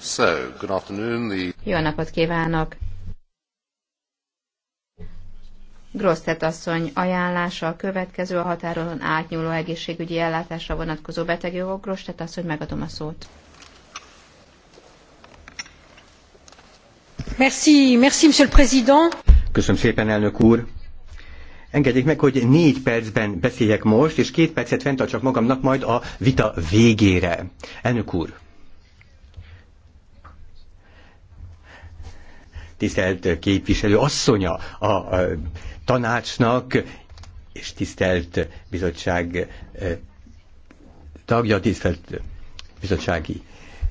So, good afternoon. The... Jó napot kívánok! Grosztet asszony ajánlása a következő a határon átnyúló egészségügyi ellátásra vonatkozó betegjogok. Grosztet asszony, megadom a szót. Merci, merci, monsieur le président. Köszönöm szépen, elnök úr! Engedjék meg, hogy négy percben beszéljek most, és két percet fenntartsak magamnak majd a vita végére. Elnök úr! Tisztelt képviselő asszonya a tanácsnak, és tisztelt bizottság eh, tagja, tisztelt bizottsági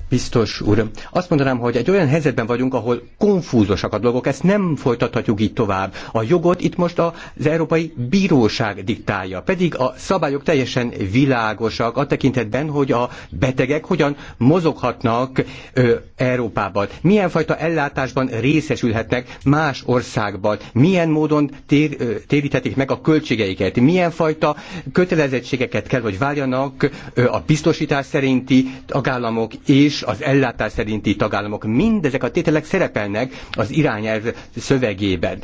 Biztos úr, azt mondanám, hogy egy olyan helyzetben vagyunk, ahol konfúzosak a dolgok, ezt nem folytathatjuk így tovább. A jogot itt most az Európai Bíróság diktálja, pedig a szabályok teljesen világosak a tekintetben, hogy a betegek hogyan mozoghatnak ö, Európában, milyen fajta ellátásban részesülhetnek más országban, milyen módon tér, ö, téríthetik meg a költségeiket, milyen fajta kötelezettségeket kell, hogy várjanak ö, a biztosítás szerinti tagállamok és és az ellátás szerinti tagállamok mindezek a tételek szerepelnek az irányelv szövegében.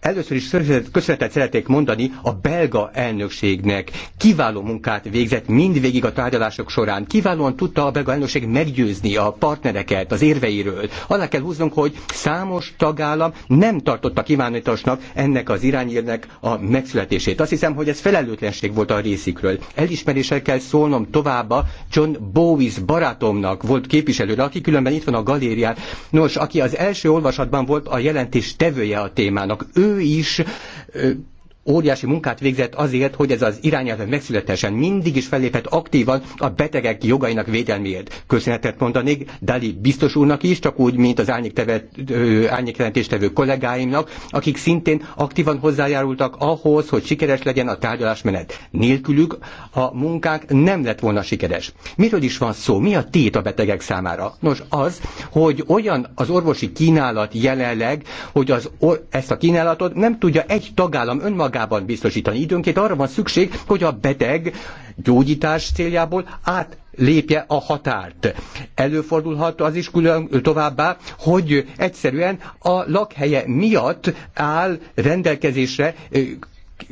Először is köszönetet szeretnék mondani a belga elnökségnek. Kiváló munkát végzett mindvégig a tárgyalások során. Kiválóan tudta a belga elnökség meggyőzni a partnereket az érveiről. Alá kell húznunk, hogy számos tagállam nem tartotta kívánatosnak ennek az irányírnek a megszületését. Azt hiszem, hogy ez felelőtlenség volt a részükről. Elismeréssel kell szólnom továbbá John Bowies barátomnak volt képviselőre, aki különben itt van a galérián. Nos, aki az első olvasatban volt a jelentés tevője a témának. Ő ő is óriási munkát végzett azért, hogy ez az irányelv megszületesen mindig is fellépett aktívan a betegek jogainak védelméért. Köszönetet mondanék Dali biztos úrnak is, csak úgy, mint az tevő kollégáimnak, akik szintén aktívan hozzájárultak ahhoz, hogy sikeres legyen a tárgyalásmenet. Nélkülük a munkák nem lett volna sikeres. Miről is van szó? Mi a tét a betegek számára? Nos, az, hogy olyan az orvosi kínálat jelenleg, hogy az or- ezt a kínálatot nem tudja egy tagállam önmagában önmagában biztosítani. Időnként arra van szükség, hogy a beteg gyógyítás céljából át lépje a határt. Előfordulhat az is külön továbbá, hogy egyszerűen a lakhelye miatt áll rendelkezésre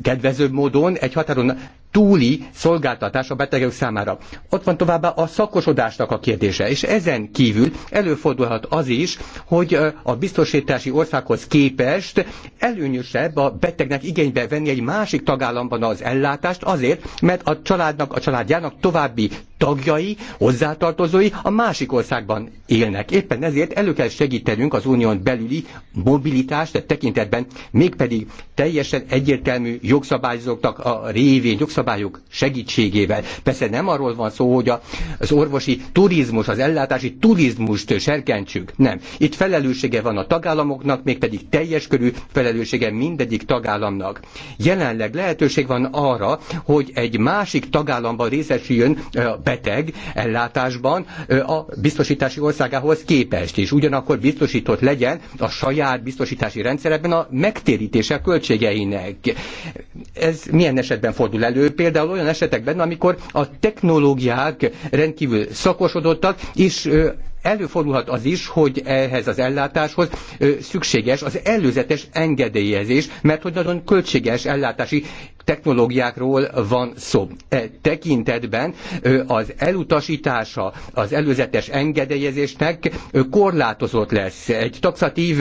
kedvezőbb módon egy határon túli szolgáltatás a betegek számára. Ott van továbbá a szakosodásnak a kérdése, és ezen kívül előfordulhat az is, hogy a biztosítási országhoz képest előnyösebb a betegnek igénybe venni egy másik tagállamban az ellátást azért, mert a családnak, a családjának további tagjai, hozzátartozói a másik országban élnek. Éppen ezért elő kell segítenünk az unión belüli mobilitást tehát tekintetben, mégpedig teljesen egyértelmű jogszabályozóknak a révén, jogszabályok segítségével. Persze nem arról van szó, hogy az orvosi turizmus, az ellátási turizmust serkentsük. Nem. Itt felelőssége van a tagállamoknak, mégpedig teljes körű felelőssége mindegyik tagállamnak. Jelenleg lehetőség van arra, hogy egy másik tagállamban részesüljön beteg ellátásban a biztosítási országához képest, és ugyanakkor biztosított legyen a saját biztosítási rendszerben a megtérítése költségeinek. Ez milyen esetben fordul elő? Például olyan esetekben, amikor a technológiák rendkívül szakosodottak, és előfordulhat az is, hogy ehhez az ellátáshoz szükséges az előzetes engedélyezés, mert hogy nagyon költséges ellátási technológiákról van szó. E tekintetben az elutasítása az előzetes engedélyezésnek korlátozott lesz. Egy taxatív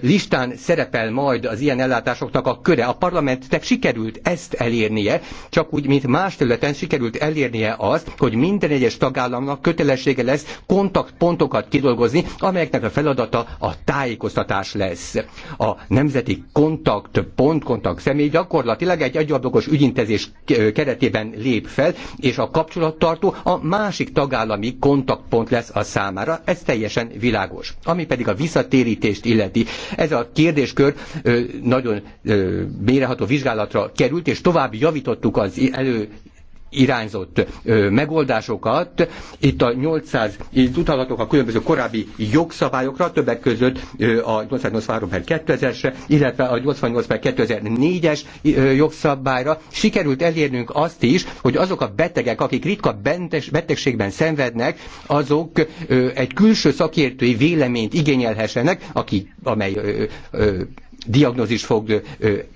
listán szerepel majd az ilyen ellátásoknak a köre. A parlamentnek sikerült ezt elérnie, csak úgy, mint más területen sikerült elérnie azt, hogy minden egyes tagállamnak kötelessége lesz kontaktpontokat kidolgozni, amelyeknek a feladata a tájékoztatás lesz. A nemzeti kontaktpont, kontakt személy gyakorlatilag egy adjadó másodlagos ügyintézés keretében lép fel, és a kapcsolattartó a másik tagállami kontaktpont lesz a számára, ez teljesen világos. Ami pedig a visszatérítést illeti, ez a kérdéskör nagyon mélyreható vizsgálatra került, és tovább javítottuk az elő irányzott ö, megoldásokat. Itt a 800, itt utalhatok a különböző korábbi jogszabályokra, többek között ö, a 883 per 2000-esre, illetve a 88 per 2004-es jogszabályra. Sikerült elérnünk azt is, hogy azok a betegek, akik ritka bentes, betegségben szenvednek, azok ö, egy külső szakértői véleményt igényelhessenek, aki, amely ö, ö, diagnózis fog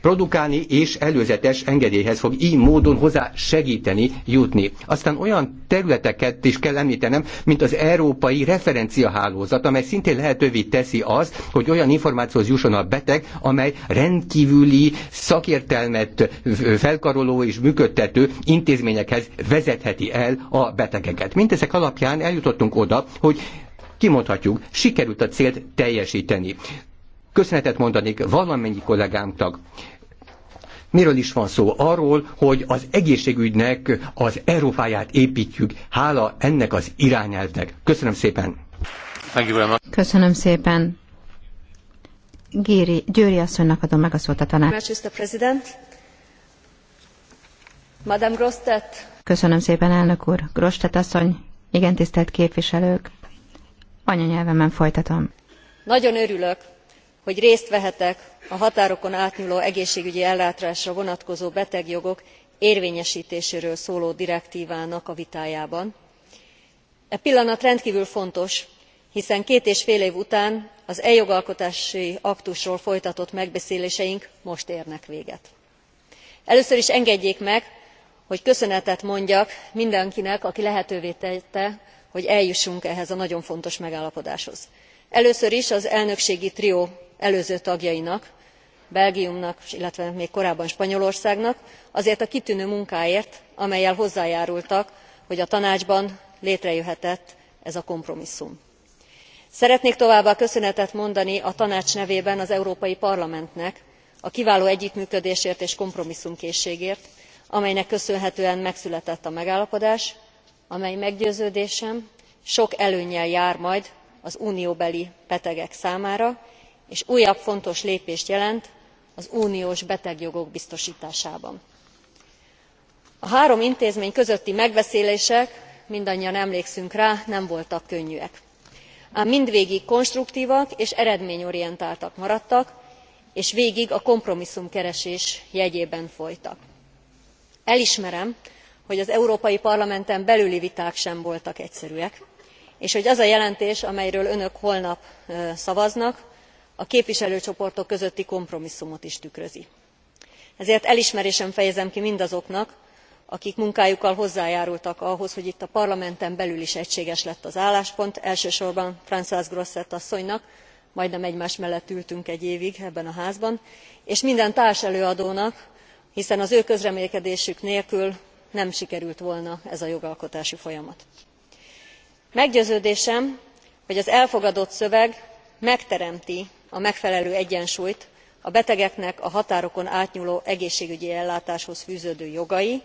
produkálni, és előzetes engedélyhez fog így módon hozzá segíteni jutni. Aztán olyan területeket is kell említenem, mint az Európai Referenciahálózat, amely szintén lehetővé teszi az, hogy olyan információhoz jusson a beteg, amely rendkívüli szakértelmet felkaroló és működtető intézményekhez vezetheti el a betegeket. Mindezek alapján eljutottunk oda, hogy kimondhatjuk, sikerült a célt teljesíteni köszönetet mondanék valamennyi kollégámtak. Miről is van szó? Arról, hogy az egészségügynek az Európáját építjük, hála ennek az irányelvnek. Köszönöm szépen! Köszönöm szépen! Géri, Győri asszonynak adom meg a szót a tanács. Madame Grostet. Köszönöm szépen, elnök úr. Grostet asszony, igen tisztelt képviselők. Anyanyelvemen folytatom. Nagyon örülök, hogy részt vehetek a határokon átnyúló egészségügyi ellátásra vonatkozó betegjogok érvényestéséről szóló direktvának a vitájában. e pillanat rendkvül fontos hiszen két és fél év után az e jogalkotási aktusról folytatott megbeszéléseink most érnek véget. először is engedjék meg hogy köszönetet mondjak mindenkinek aki lehetővé tette hogy eljussunk ehhez a nagyon fontos megállapodáshoz. először is az elnökségi trió előző tagjainak belgiumnak illetve még korábban spanyolországnak azért a kitűnő munkáért amellyel hozzájárultak hogy a tanácsban létrejöhetett ez a kompromisszum. szeretnék továbbá köszönetet mondani a tanács nevében az európai parlamentnek a kiváló együttműködésért és kompromisszumkészségért amelynek köszönhetően megszületett a megállapodás amely meggyőződésem sok előnnyel jár majd az unióbeli betegek számára és újabb fontos lépést jelent az uniós betegjogok biztostásában. a három intézmény közötti megbeszélések mindannyian emlékszünk rá nem voltak könnyűek ám mindvégig konstruktvak és eredményorientáltak maradtak és végig a kompromisszumkeresés jegyében folytak. elismerem hogy az európai parlamenten belüli viták sem voltak egyszerűek és hogy az a jelentés amelyről önök holnap szavaznak a képviselőcsoportok közötti kompromisszumot is tükrözi. ezért elismerésem fejezem ki mindazoknak akik munkájukkal hozzájárultak ahhoz hogy itt a parlamenten belül is egységes lett az álláspont elsősorban franoise grossette asszonynak majdnem egymás mellett ültünk egy évig ebben a házban és minden társelőadónak hiszen az ő közreműködésük nélkül nem sikerült volna ez a jogalkotási folyamat. meggyőződésem hogy az elfogadott szöveg megteremti a megfelelő egyensúlyt a betegeknek a határokon átnyúló egészségügyi ellátáshoz fűződő jogai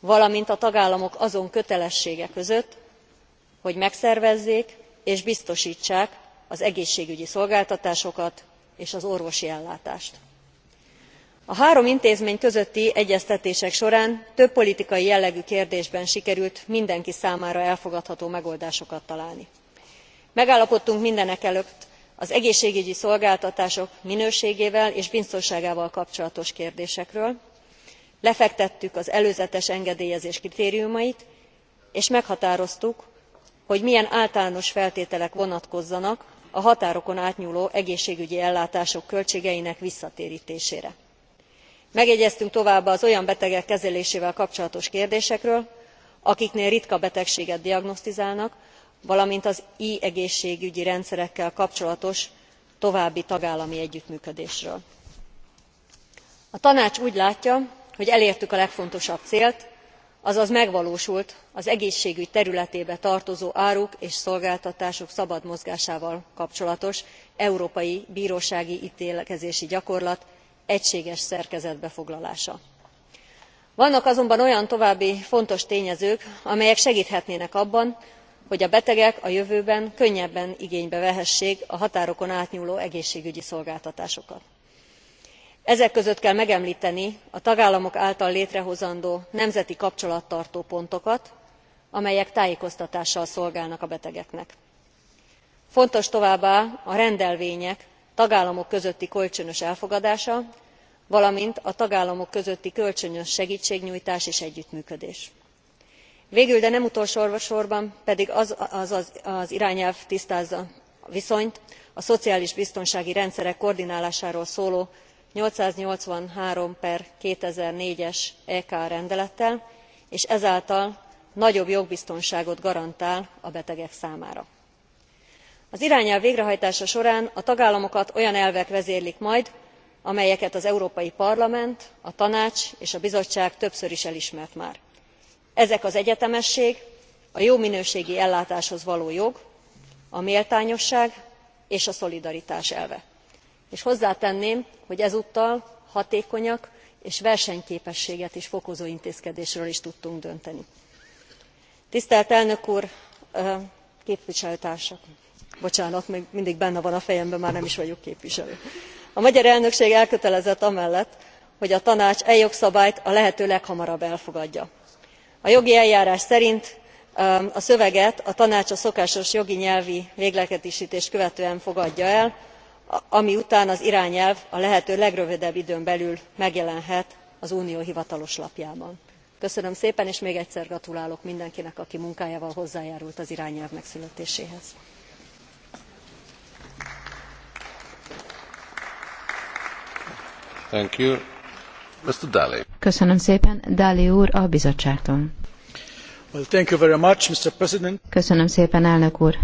valamint a tagállamok azon kötelessége között hogy megszervezzék és biztostsák az egészségügyi szolgáltatásokat és az orvosi ellátást. a három intézmény közötti egyeztetések során több politikai jellegű kérdésben sikerült mindenki számára elfogadható megoldásokat találni. megállapodtunk mindenekelőtt az egészségügyi szolgáltatások minőségével és biztonságával kapcsolatos kérdésekről lefektettük az előzetes engedélyezés kritériumait és meghatároztuk hogy milyen általános feltételek vonatkozzanak a határokon átnyúló egészségügyi ellátások költségeinek visszatértésére. megegyeztünk továbbá az olyan betegek kezelésével kapcsolatos kérdésekről akiknél ritka betegséget diagnosztizálnak valamint az e egészségügyi rendszerekkel kapcsolatos további tagállami együttműködésről. a tanács úgy látja hogy elértük a legfontosabb célt azaz megvalósult az egészségügy területébe tartozó áruk és szolgáltatások szabad mozgásával kapcsolatos európai brósági télkezési gyakorlat egységes szerkezetbe foglalása. vannak azonban olyan további fontos tényezők amelyek segthetnének abban hogy a betegek a jövőben könnyebben igénybe vehessék a határokon átnyúló egészségügyi szolgáltatásokat. ezek között kell megemlteni a tagállamok által létrehozandó nemzeti kapcsolattartó pontokat amelyek tájékoztatással szolgálnak a betegeknek. fontos továbbá a rendelvények tagállamok közötti kölcsönös elfogadása valamint a tagállamok közötti kölcsönös segtségnyújtás és együttműködés végül de nem utolsó sorban pedig az irányelv tisztázza a viszonyt a szociális biztonsági rendszerek koordinálásáról szóló eight hundred and eighty three two thousand and four es ek rendelettel és ezáltal nagyobb jogbiztonságot garantál a betegek számára. az irányelv végrehajtása során a tagállamokat olyan elvek vezérlik majd amelyeket az európai parlament a tanács és a bizottság többször is elismert már ezek az egyetemesség a jó minőségű ellátáshoz való jog a méltányosság és a szolidaritás elve és hozzátenném hogy ezúttal hatékonyak és versenyképességet is fokozó intézkedésről is tudtunk dönteni. tisztelt elnök úr képviselőtársak! bocsánat még mindig benne van a fejemben már nem is vagyok képviselő. a magyar elnökség elkötelezett amellett hogy a tanács e jogszabályt a lehető leghamarabb elfogadja a jogi eljárás szerint um, a szöveget a tanács a szokásos jogi nyelvi véglegestést követően fogadja el ami után az irányelv a lehető legrövidebb időn belül megjelenhet az unió hivatalos lapjában. köszönöm szépen és még egyszer gratulálok mindenkinek aki munkájával hozzájárult az irányelv megszületéséhez. Mr. Daly. Köszönöm szépen, Dali úr a bizottságtól. Well, thank you very much, Mr. President. Köszönöm szépen, elnök úr.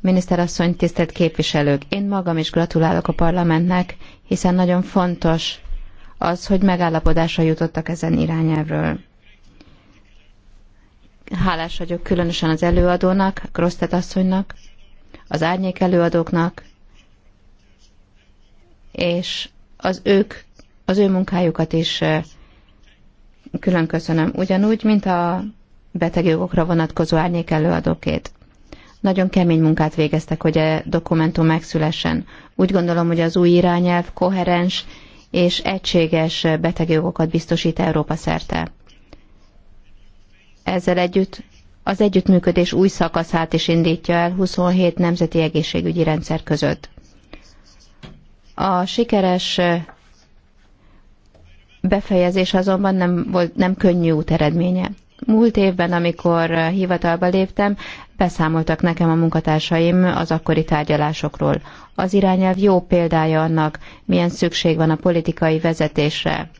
Miniszterasszony, tisztelt képviselők! Én magam is gratulálok a parlamentnek, hiszen nagyon fontos az, hogy megállapodásra jutottak ezen irányelvről. Hálás vagyok különösen az előadónak, Grosztet asszonynak, az árnyék előadóknak, és az ők az ő munkájukat is külön köszönöm, ugyanúgy, mint a betegjogokra vonatkozó árnyék előadókét. Nagyon kemény munkát végeztek, hogy a e dokumentum megszülessen. Úgy gondolom, hogy az új irányelv koherens és egységes betegjogokat biztosít Európa szerte. Ezzel együtt az együttműködés új szakaszát is indítja el 27 nemzeti egészségügyi rendszer között. A sikeres befejezés azonban nem, volt, nem könnyű út eredménye. Múlt évben, amikor hivatalba léptem, beszámoltak nekem a munkatársaim az akkori tárgyalásokról. Az irányelv jó példája annak, milyen szükség van a politikai vezetésre,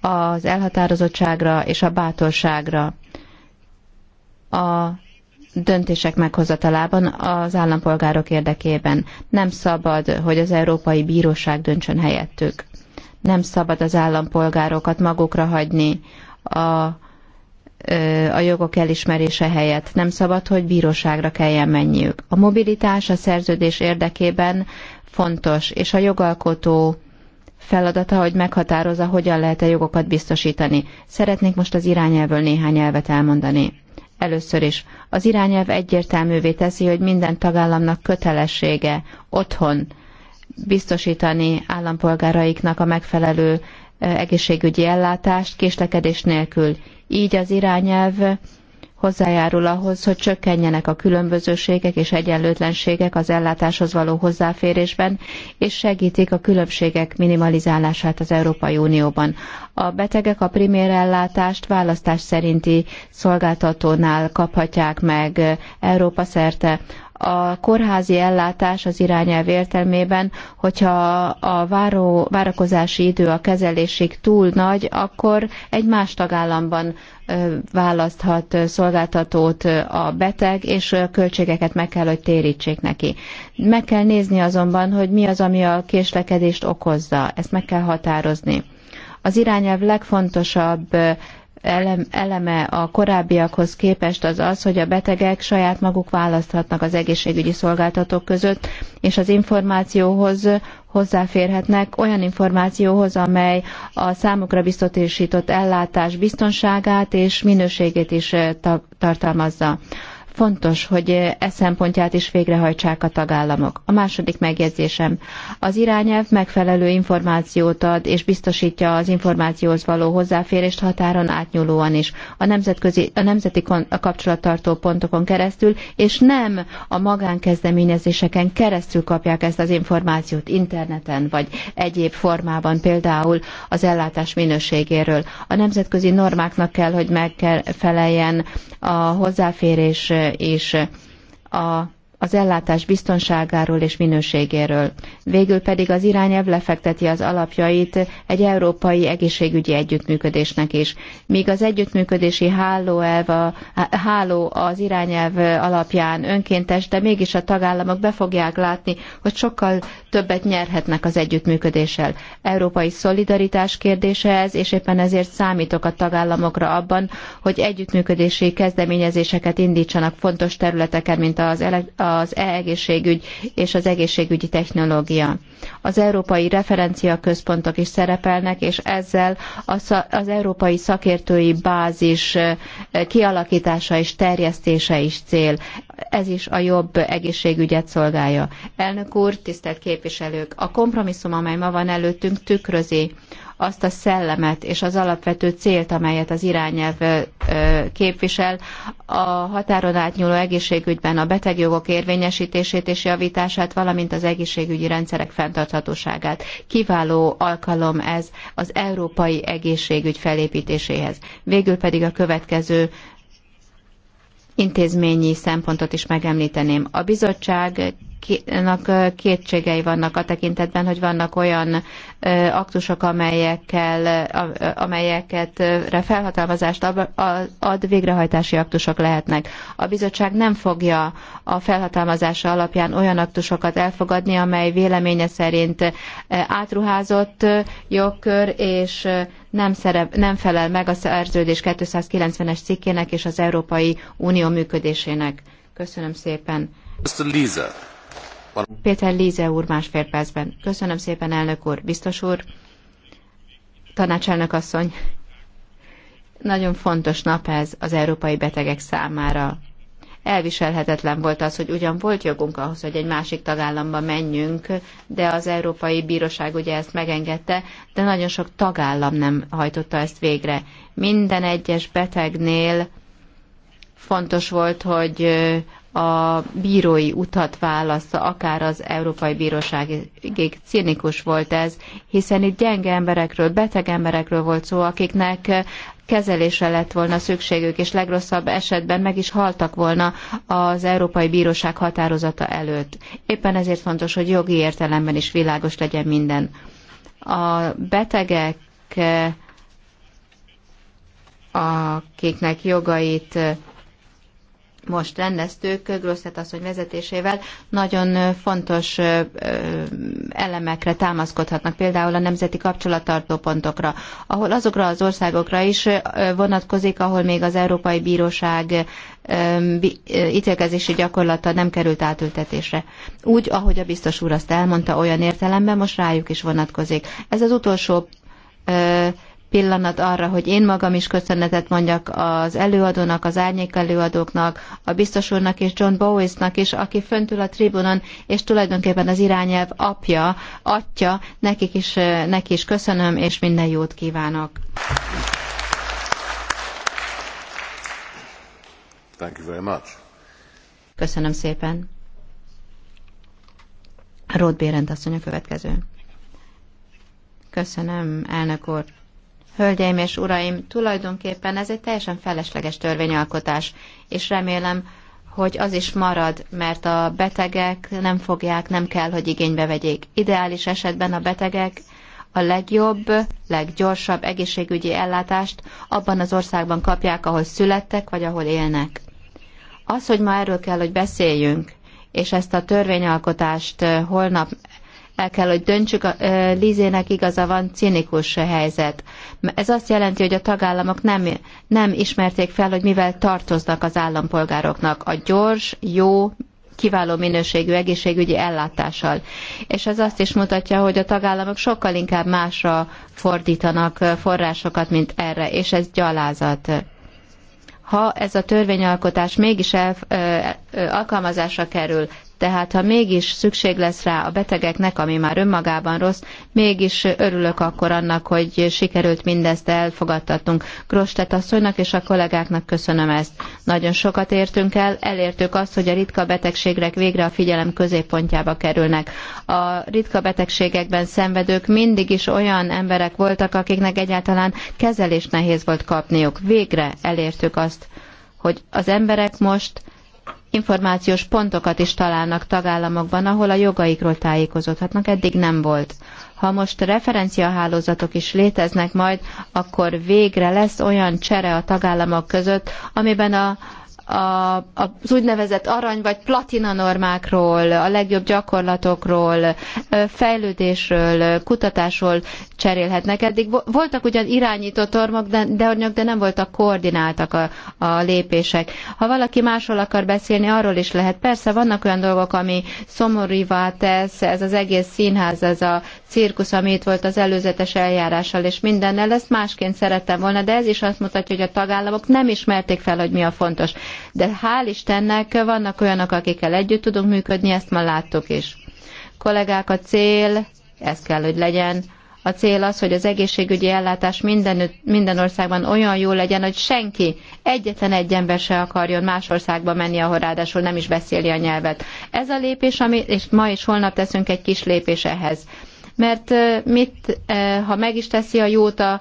az elhatározottságra és a bátorságra. A döntések meghozatalában az állampolgárok érdekében. Nem szabad, hogy az Európai Bíróság döntsön helyettük. Nem szabad az állampolgárokat magukra hagyni a, a jogok elismerése helyett. Nem szabad, hogy bíróságra kelljen menniük. A mobilitás a szerződés érdekében fontos, és a jogalkotó feladata, hogy meghatározza, hogyan lehet a jogokat biztosítani. Szeretnék most az irányelvről néhány elvet elmondani. Először is, az irányelv egyértelművé teszi, hogy minden tagállamnak kötelessége otthon biztosítani állampolgáraiknak a megfelelő egészségügyi ellátást késlekedés nélkül. Így az irányelv hozzájárul ahhoz, hogy csökkenjenek a különbözőségek és egyenlőtlenségek az ellátáshoz való hozzáférésben, és segítik a különbségek minimalizálását az Európai Unióban. A betegek a primér ellátást választás szerinti szolgáltatónál kaphatják meg Európa szerte, a kórházi ellátás az irányelv értelmében, hogyha a váró, várakozási idő a kezelésig túl nagy, akkor egy más tagállamban választhat szolgáltatót a beteg, és költségeket meg kell, hogy térítsék neki. Meg kell nézni azonban, hogy mi az, ami a késlekedést okozza. Ezt meg kell határozni. Az irányelv legfontosabb eleme a korábbiakhoz képest az az, hogy a betegek saját maguk választhatnak az egészségügyi szolgáltatók között, és az információhoz hozzáférhetnek olyan információhoz, amely a számukra biztosított ellátás biztonságát és minőségét is eh, tartalmazza. Fontos, hogy e szempontját is végrehajtsák a tagállamok. A második megjegyzésem. Az irányelv megfelelő információt ad és biztosítja az információhoz való hozzáférést határon átnyúlóan is. A, nemzetközi, a nemzeti kon, a kapcsolattartó pontokon keresztül, és nem a magánkezdeményezéseken keresztül kapják ezt az információt interneten vagy egyéb formában, például az ellátás minőségéről. A nemzetközi normáknak kell, hogy megfeleljen a hozzáférés és a az ellátás biztonságáról és minőségéről. Végül pedig az irányelv lefekteti az alapjait egy európai egészségügyi együttműködésnek is. Míg az együttműködési háló, elva, háló az irányelv alapján önkéntes, de mégis a tagállamok be fogják látni, hogy sokkal többet nyerhetnek az együttműködéssel. Európai szolidaritás kérdése ez, és éppen ezért számítok a tagállamokra abban, hogy együttműködési kezdeményezéseket indítsanak fontos területeken, mint az, a az e-egészségügy és az egészségügyi technológia. Az európai referenciaközpontok is szerepelnek, és ezzel az európai szakértői bázis kialakítása és terjesztése is cél. Ez is a jobb egészségügyet szolgálja. Elnök úr, tisztelt képviselők, a kompromisszum, amely ma van előttünk, tükrözi azt a szellemet és az alapvető célt, amelyet az irányelv képvisel, a határon átnyúló egészségügyben a betegjogok érvényesítését és javítását, valamint az egészségügyi rendszerek fenntarthatóságát. Kiváló alkalom ez az európai egészségügy felépítéséhez. Végül pedig a következő intézményi szempontot is megemlíteném. A bizottság kétségei vannak a tekintetben, hogy vannak olyan aktusok, amelyekkel, amelyeket felhatalmazást ad, végrehajtási aktusok lehetnek. A bizottság nem fogja a felhatalmazása alapján olyan aktusokat elfogadni, amely véleménye szerint átruházott jogkör, és nem, szerep, nem felel meg a szerződés 290-es cikkének és az Európai Unió működésének. Köszönöm szépen. Mr. Lisa. Péter Líze úr másfél percben. Köszönöm szépen, elnök úr, biztos úr, tanácselnök asszony. Nagyon fontos nap ez az európai betegek számára. Elviselhetetlen volt az, hogy ugyan volt jogunk ahhoz, hogy egy másik tagállamba menjünk, de az Európai Bíróság ugye ezt megengedte, de nagyon sok tagállam nem hajtotta ezt végre. Minden egyes betegnél fontos volt, hogy a bírói utat választ, akár az Európai Bíróságig. Cinikus volt ez, hiszen itt gyenge emberekről, beteg emberekről volt szó, akiknek kezelésre lett volna szükségük, és legrosszabb esetben meg is haltak volna az Európai Bíróság határozata előtt. Éppen ezért fontos, hogy jogi értelemben is világos legyen minden. A betegek, akiknek jogait most rendeztük Grosszett asszony vezetésével, nagyon fontos elemekre támaszkodhatnak, például a nemzeti kapcsolattartó pontokra, ahol azokra az országokra is vonatkozik, ahol még az Európai Bíróság ítélkezési gyakorlata nem került átültetésre. Úgy, ahogy a biztos úr azt elmondta, olyan értelemben most rájuk is vonatkozik. Ez az utolsó pillanat arra, hogy én magam is köszönetet mondjak az előadónak, az árnyék előadóknak, a biztos úrnak és John Bowisnak is, aki föntül a tribunon, és tulajdonképpen az irányelv apja, atya, nekik is, eh, neki is köszönöm, és minden jót kívánok. Thank you very much. Köszönöm szépen. Rod Bérend asszony a következő. Köszönöm, elnök úr. Hölgyeim és uraim, tulajdonképpen ez egy teljesen felesleges törvényalkotás, és remélem, hogy az is marad, mert a betegek nem fogják, nem kell, hogy igénybe vegyék. Ideális esetben a betegek a legjobb, leggyorsabb egészségügyi ellátást abban az országban kapják, ahol születtek, vagy ahol élnek. Az, hogy ma erről kell, hogy beszéljünk, és ezt a törvényalkotást holnap el kell, hogy döntsük, Lizének igaza van, cinikus helyzet. Ez azt jelenti, hogy a tagállamok nem, nem ismerték fel, hogy mivel tartoznak az állampolgároknak a gyors, jó, kiváló minőségű egészségügyi ellátással. És ez azt is mutatja, hogy a tagállamok sokkal inkább másra fordítanak forrásokat, mint erre, és ez gyalázat. Ha ez a törvényalkotás mégis el, ö, ö, alkalmazásra kerül, tehát ha mégis szükség lesz rá a betegeknek, ami már önmagában rossz, mégis örülök akkor annak, hogy sikerült mindezt elfogadtatnunk. Grostet asszonynak és a kollégáknak köszönöm ezt. Nagyon sokat értünk el, elértük azt, hogy a ritka betegségek végre a figyelem középpontjába kerülnek. A ritka betegségekben szenvedők mindig is olyan emberek voltak, akiknek egyáltalán kezelés nehéz volt kapniuk. Végre elértük azt, hogy az emberek most információs pontokat is találnak tagállamokban, ahol a jogaikról tájékozódhatnak, eddig nem volt. Ha most referenciahálózatok is léteznek majd, akkor végre lesz olyan csere a tagállamok között, amiben a a, az úgynevezett arany vagy platina normákról, a legjobb gyakorlatokról, fejlődésről, kutatásról cserélhetnek. Eddig voltak ugyan irányító tormok, de, de, de nem voltak koordináltak a, a lépések. Ha valaki másról akar beszélni, arról is lehet. Persze vannak olyan dolgok, ami szomorúvá tesz, ez az egész színház, ez a cirkusz, ami itt volt az előzetes eljárással és mindennel, ezt másként szerettem volna, de ez is azt mutatja, hogy a tagállamok nem ismerték fel, hogy mi a fontos de hál' Istennek vannak olyanok, akikkel együtt tudunk működni, ezt már láttuk is. Kollégák, a cél, ez kell, hogy legyen, a cél az, hogy az egészségügyi ellátás minden, minden országban olyan jó legyen, hogy senki, egyetlen egy ember se akarjon más országba menni, ahol ráadásul nem is beszéli a nyelvet. Ez a lépés, ami, és ma és holnap teszünk egy kis lépés ehhez. Mert mit, ha meg is teszi a jót a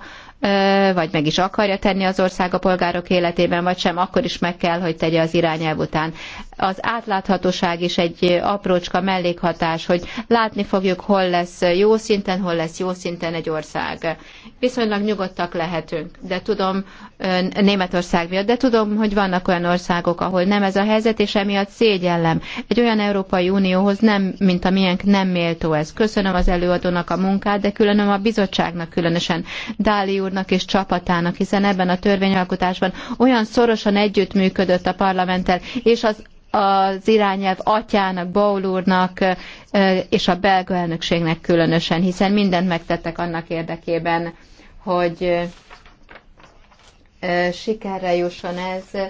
vagy meg is akarja tenni az ország a polgárok életében, vagy sem, akkor is meg kell, hogy tegye az irányelv után. Az átláthatóság is egy aprócska mellékhatás, hogy látni fogjuk, hol lesz jó szinten, hol lesz jó szinten egy ország. Viszonylag nyugodtak lehetünk, de tudom, Németország miatt, de tudom, hogy vannak olyan országok, ahol nem ez a helyzet, és emiatt szégyellem. Egy olyan Európai Unióhoz nem, mint a miénk, nem méltó ez. Köszönöm az előadónak a munkát, de különöm a bizottságnak különösen, Dáli úrnak és csapatának, hiszen ebben a törvényalkotásban olyan szorosan együttműködött a parlamenttel, és az az irányelv atyának, Baul úrnak és a belga elnökségnek különösen, hiszen mindent megtettek annak érdekében, hogy sikerre jusson ez.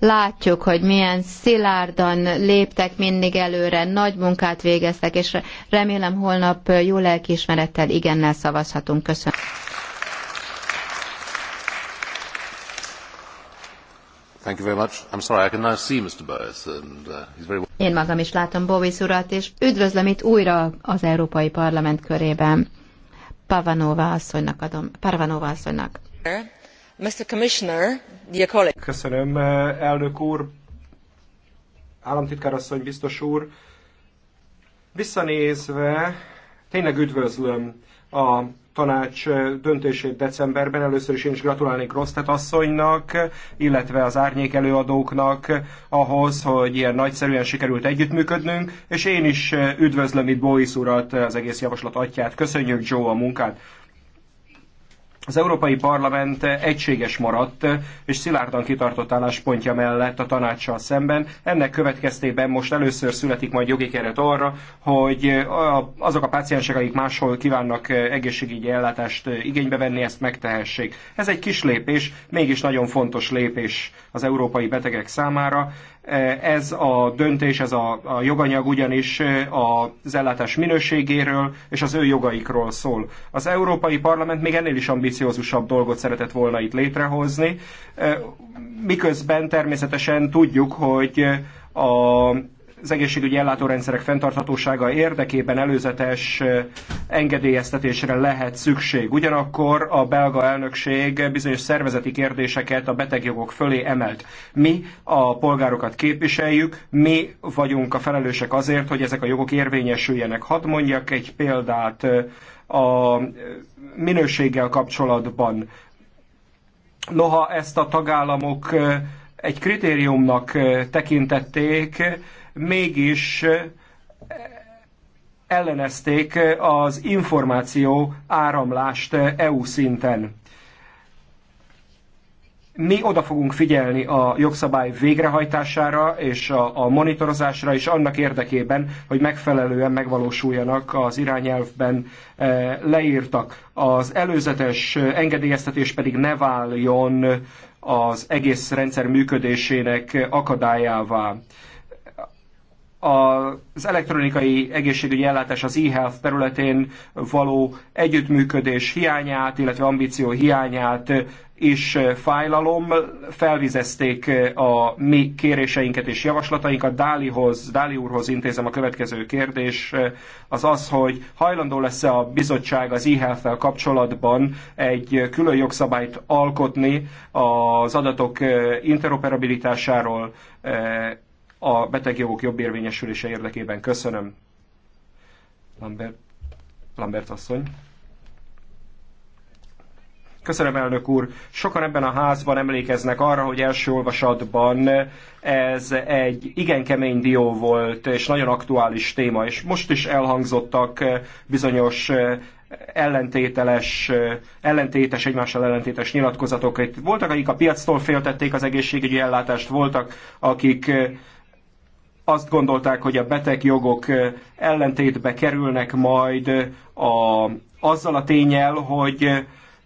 Látjuk, hogy milyen szilárdan léptek mindig előre, nagy munkát végeztek, és remélem holnap jó lelkiismerettel igennel szavazhatunk. Köszönöm. Én magam is látom Bowies urat, és üdvözlöm itt újra az Európai Parlament körében. Pavanova asszonynak adom, Parvanova asszonynak. Mr. Commissioner, dear colleague. Köszönöm, uh, elnök úr, államtitkár asszony, biztos úr. Visszanézve, tényleg üdvözlöm a tanács döntését decemberben. Először is én is gratulálnék Rosztet asszonynak, illetve az árnyék előadóknak ahhoz, hogy ilyen nagyszerűen sikerült együttműködnünk, és én is üdvözlöm itt Bóisz urat, az egész javaslat atyát. Köszönjük Joe a munkát! Az Európai Parlament egységes maradt, és szilárdan kitartott álláspontja mellett a tanácssal szemben. Ennek következtében most először születik majd jogi keret arra, hogy azok a páciensek, akik máshol kívánnak egészségügyi ellátást igénybe venni, ezt megtehessék. Ez egy kis lépés, mégis nagyon fontos lépés az európai betegek számára. Ez a döntés, ez a, a joganyag ugyanis az ellátás minőségéről és az ő jogaikról szól. Az Európai Parlament még ennél is ambiciózusabb dolgot szeretett volna itt létrehozni, miközben természetesen tudjuk, hogy a az egészségügyi ellátórendszerek fenntarthatósága érdekében előzetes engedélyeztetésre lehet szükség. Ugyanakkor a belga elnökség bizonyos szervezeti kérdéseket a betegjogok fölé emelt. Mi a polgárokat képviseljük, mi vagyunk a felelősek azért, hogy ezek a jogok érvényesüljenek. Hadd mondjak egy példát a minőséggel kapcsolatban. Noha ezt a tagállamok egy kritériumnak tekintették, mégis eh, ellenezték eh, az információ áramlást eh, EU szinten. Mi oda fogunk figyelni a jogszabály végrehajtására és a, a monitorozásra is annak érdekében, hogy megfelelően megvalósuljanak az irányelvben e, leírtak. Az előzetes engedélyeztetés pedig ne váljon az egész rendszer működésének akadályává az elektronikai egészségügyi ellátás az e-health területén való együttműködés hiányát, illetve ambíció hiányát is fájlalom. Felvizezték a mi kéréseinket és javaslatainkat. Dálihoz, Dáli úrhoz intézem a következő kérdés, az az, hogy hajlandó lesz-e a bizottság az e-health-tel kapcsolatban egy külön jogszabályt alkotni az adatok interoperabilitásáról, a betegjogok jobb érvényesülése érdekében. Köszönöm. Lambert, Lambert asszony. Köszönöm, elnök úr. Sokan ebben a házban emlékeznek arra, hogy első olvasatban ez egy igen kemény dió volt, és nagyon aktuális téma, és most is elhangzottak bizonyos ellentételes, ellentétes, egymással ellentétes nyilatkozatok. Itt voltak, akik a piactól féltették az egészségügyi ellátást, voltak, akik azt gondolták, hogy a beteg jogok ellentétbe kerülnek majd a, azzal a tényel, hogy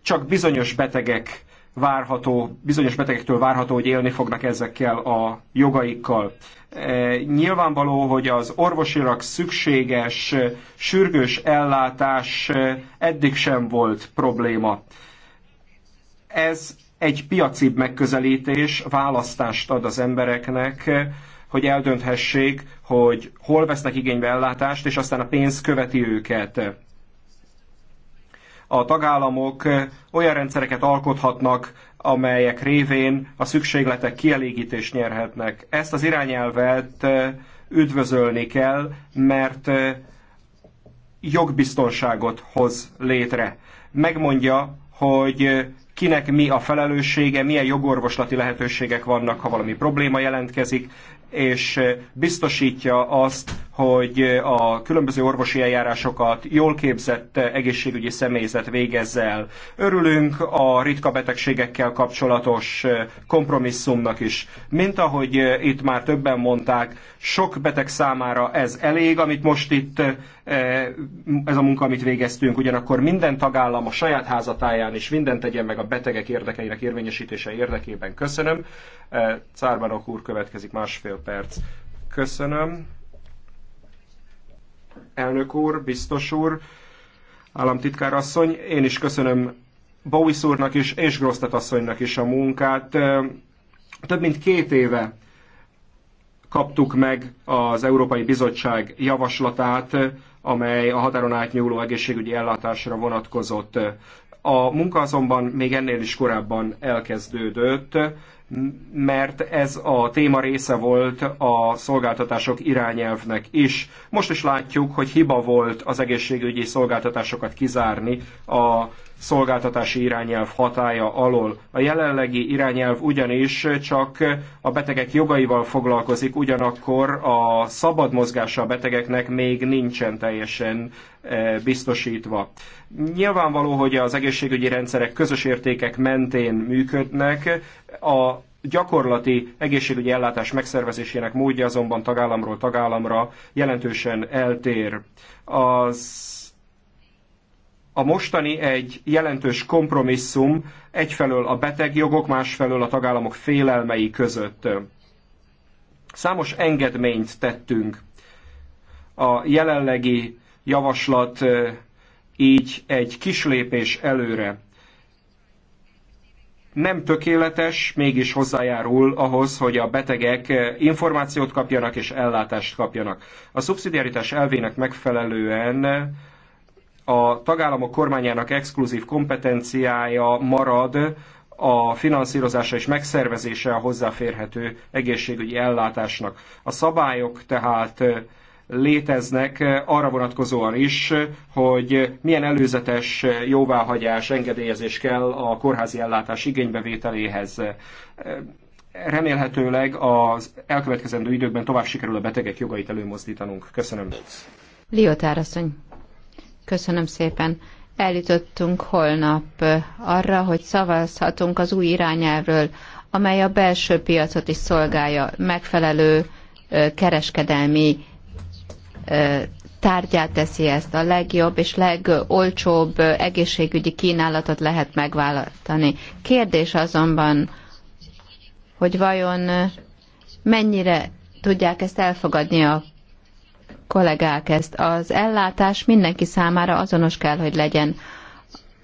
csak bizonyos betegek várható, bizonyos betegektől várható, hogy élni fognak ezekkel a jogaikkal. Nyilvánvaló, hogy az orvosilag szükséges, sürgős ellátás eddig sem volt probléma. Ez egy piaci megközelítés, választást ad az embereknek, hogy eldönthessék, hogy hol vesznek igénybe ellátást, és aztán a pénz követi őket. A tagállamok olyan rendszereket alkothatnak, amelyek révén a szükségletek kielégítést nyerhetnek. Ezt az irányelvet üdvözölni kell, mert jogbiztonságot hoz létre. Megmondja, hogy kinek mi a felelőssége, milyen jogorvoslati lehetőségek vannak, ha valami probléma jelentkezik, és eh, biztosítja azt, hogy eh, a különböző orvosi eljárásokat jól képzett eh, egészségügyi személyzet végezze el. Örülünk a ritka betegségekkel kapcsolatos kompromisszumnak is. Mint ahogy itt már többen mondták, sok beteg számára ez elég, amit most itt ez a munka, amit végeztünk, ugyanakkor minden tagállam a saját házatáján is mindent tegyen meg a betegek érdekeinek érvényesítése érdekében. Köszönöm. Eh, Cárbanok úr következik másfél perc. Köszönöm. Elnök úr, biztos úr, államtitkár asszony, én is köszönöm Bowis úrnak is, és Grosztat asszonynak is a munkát. Eh, több mint két éve kaptuk meg az Európai Bizottság javaslatát amely a határon átnyúló egészségügyi ellátásra vonatkozott. A munka azonban még ennél is korábban elkezdődött, mert ez a téma része volt a szolgáltatások irányelvnek is. Most is látjuk, hogy hiba volt az egészségügyi szolgáltatásokat kizárni a szolgáltatási irányelv hatája alól. A jelenlegi irányelv ugyanis csak a betegek jogaival foglalkozik, ugyanakkor a szabad mozgása a betegeknek még nincsen teljesen e, biztosítva. Nyilvánvaló, hogy az egészségügyi rendszerek közös értékek mentén működnek, a gyakorlati egészségügyi ellátás megszervezésének módja azonban tagállamról tagállamra jelentősen eltér. Az a mostani egy jelentős kompromisszum egyfelől a betegjogok, másfelől a tagállamok félelmei között. Számos engedményt tettünk. A jelenlegi javaslat így egy kislépés előre. Nem tökéletes, mégis hozzájárul ahhoz, hogy a betegek információt kapjanak és ellátást kapjanak. A szubszidiaritás elvének megfelelően a tagállamok kormányának exkluzív kompetenciája marad a finanszírozása és megszervezése a hozzáférhető egészségügyi ellátásnak. A szabályok tehát léteznek arra vonatkozóan is, hogy milyen előzetes jóváhagyás, engedélyezés kell a kórházi ellátás igénybevételéhez. Remélhetőleg az elkövetkezendő időkben tovább sikerül a betegek jogait előmozdítanunk. Köszönöm. Liotár asszony. Köszönöm szépen. Eljutottunk holnap arra, hogy szavazhatunk az új irányelvről, amely a belső piacot is szolgálja, megfelelő kereskedelmi tárgyát teszi ezt. A legjobb és legolcsóbb egészségügyi kínálatot lehet megválasztani. Kérdés azonban, hogy vajon mennyire tudják ezt elfogadni a kollégák ezt. Az ellátás mindenki számára azonos kell, hogy legyen.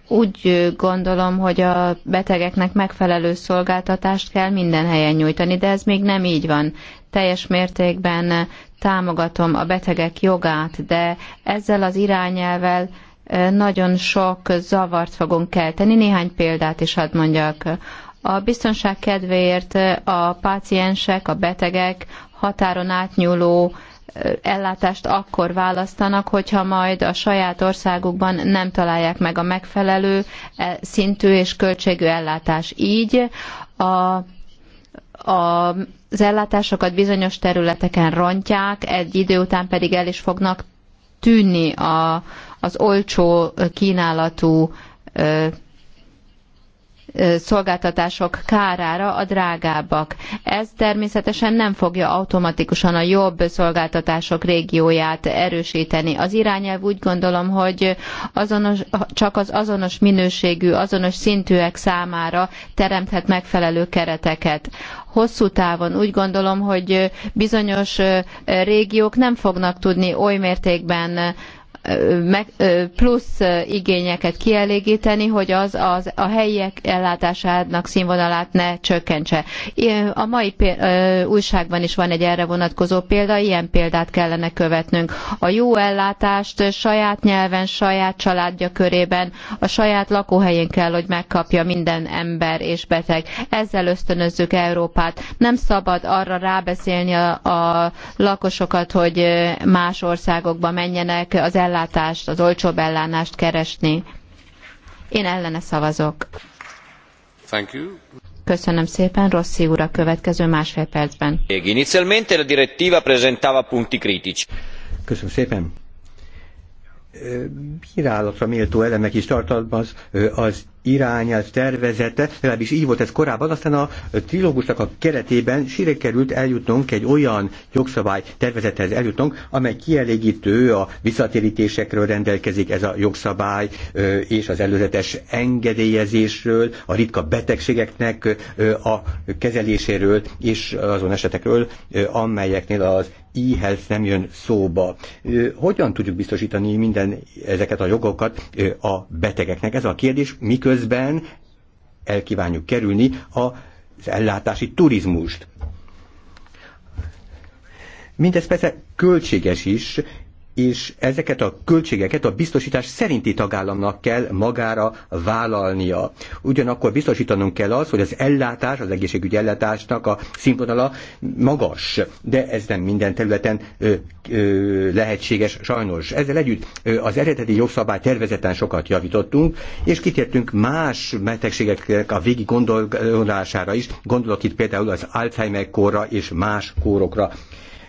Úgy gondolom, hogy a betegeknek megfelelő szolgáltatást kell minden helyen nyújtani, de ez még nem így van. Teljes mértékben támogatom a betegek jogát, de ezzel az irányelvel eh, nagyon sok zavart fogunk kelteni. Néhány példát is hadd mondjak. A biztonság kedvéért eh, a páciensek, a betegek határon átnyúló ellátást akkor választanak, hogyha majd a saját országukban nem találják meg a megfelelő e, szintű és költségű ellátás. Így a a, az ellátásokat bizonyos területeken rontják, egy idő után pedig el is fognak tűnni a, az olcsó kínálatú szolgáltatások kárára a drágábbak. Ez természetesen nem fogja automatikusan a jobb szolgáltatások régióját erősíteni. Az irányelv úgy gondolom, hogy azonos, csak az azonos minőségű, azonos szintűek számára teremthet megfelelő kereteket hosszú távon úgy gondolom, hogy bizonyos régiók nem fognak tudni oly mértékben plusz igényeket kielégíteni, hogy az, az a helyiek ellátásának színvonalát ne csökkentse. A mai újságban is van egy erre vonatkozó példa, ilyen példát kellene követnünk. A jó ellátást saját nyelven, saját családja körében, a saját lakóhelyén kell, hogy megkapja minden ember és beteg. Ezzel ösztönözzük Európát. Nem szabad arra rábeszélni a, a lakosokat, hogy más országokba menjenek az ellátásra, ellátást, az olcsóbb ellátást keresni. Én ellene szavazok. Thank you. Köszönöm szépen, Rossi úr a következő másfél percben. Inizialmente la direttiva presentava punti critici. Köszönöm szépen. Bírálatra méltó elemek is tartalmaz az irányelv tervezete, legalábbis így volt ez korábban, aztán a trilógusnak a keretében sikerült eljutnunk egy olyan jogszabály tervezethez eljutnunk, amely kielégítő a visszatérítésekről rendelkezik ez a jogszabály, és az előzetes engedélyezésről, a ritka betegségeknek a kezeléséről, és azon esetekről, amelyeknél az e-health nem jön szóba. Hogyan tudjuk biztosítani minden ezeket a jogokat a betegeknek? Ez a kérdés, miközben elkívánjuk kerülni az ellátási turizmust. Mindez persze költséges is, és ezeket a költségeket a biztosítás szerinti tagállamnak kell magára vállalnia. Ugyanakkor biztosítanunk kell az, hogy az ellátás, az egészségügyi ellátásnak a színvonala magas, de ez nem minden területen ö, ö, lehetséges sajnos. Ezzel együtt ö, az eredeti jogszabály tervezeten sokat javítottunk, és kitértünk más betegségeknek a végig gondolására is, gondolok itt például az Alzheimer korra és más kórokra.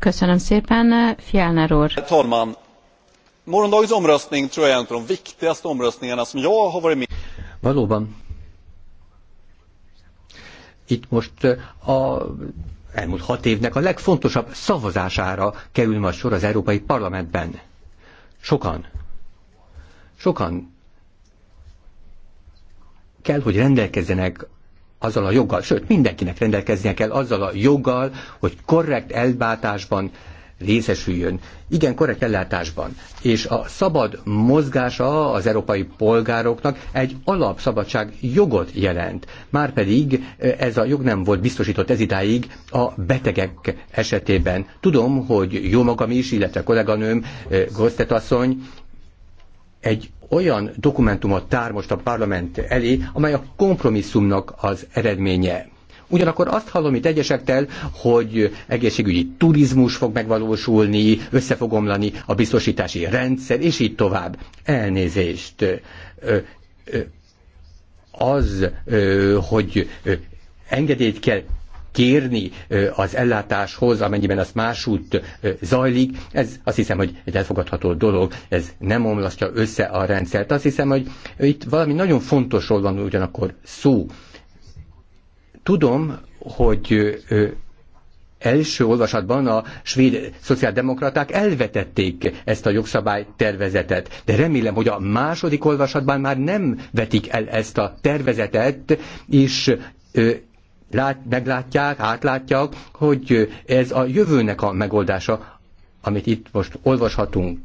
Köszönöm szépen, Fjellner úr. Valóban. Itt most eh, a elmúlt hat évnek a legfontosabb szavazására kerül ma sor az Európai Parlamentben. Sokan. Sokan kell, hogy rendelkezzenek azzal a joggal, sőt mindenkinek rendelkeznie kell azzal a joggal, hogy korrekt elbátásban részesüljön. Igen, korrekt ellátásban. És a szabad mozgása az európai polgároknak egy alapszabadság jogot jelent. Márpedig ez a jog nem volt biztosított ez idáig a betegek esetében. Tudom, hogy jó magam is, illetve kolléganőm, Gosztet asszony, egy olyan dokumentumot tár most a parlament elé, amely a kompromisszumnak az eredménye. Ugyanakkor azt hallom itt egyesektől, hogy egészségügyi turizmus fog megvalósulni, összefogomlani a biztosítási rendszer, és így tovább. Elnézést. Az, hogy engedélyt kell kérni az ellátáshoz, amennyiben az másút zajlik, ez azt hiszem, hogy egy elfogadható dolog, ez nem omlasztja össze a rendszert. Azt hiszem, hogy itt valami nagyon fontosról van ugyanakkor szó. Tudom, hogy első olvasatban a svéd szociáldemokraták elvetették ezt a jogszabálytervezetet, de remélem, hogy a második olvasatban már nem vetik el ezt a tervezetet, és lát, meglátják, átlátják, hogy ez a jövőnek a megoldása, amit itt most olvashatunk,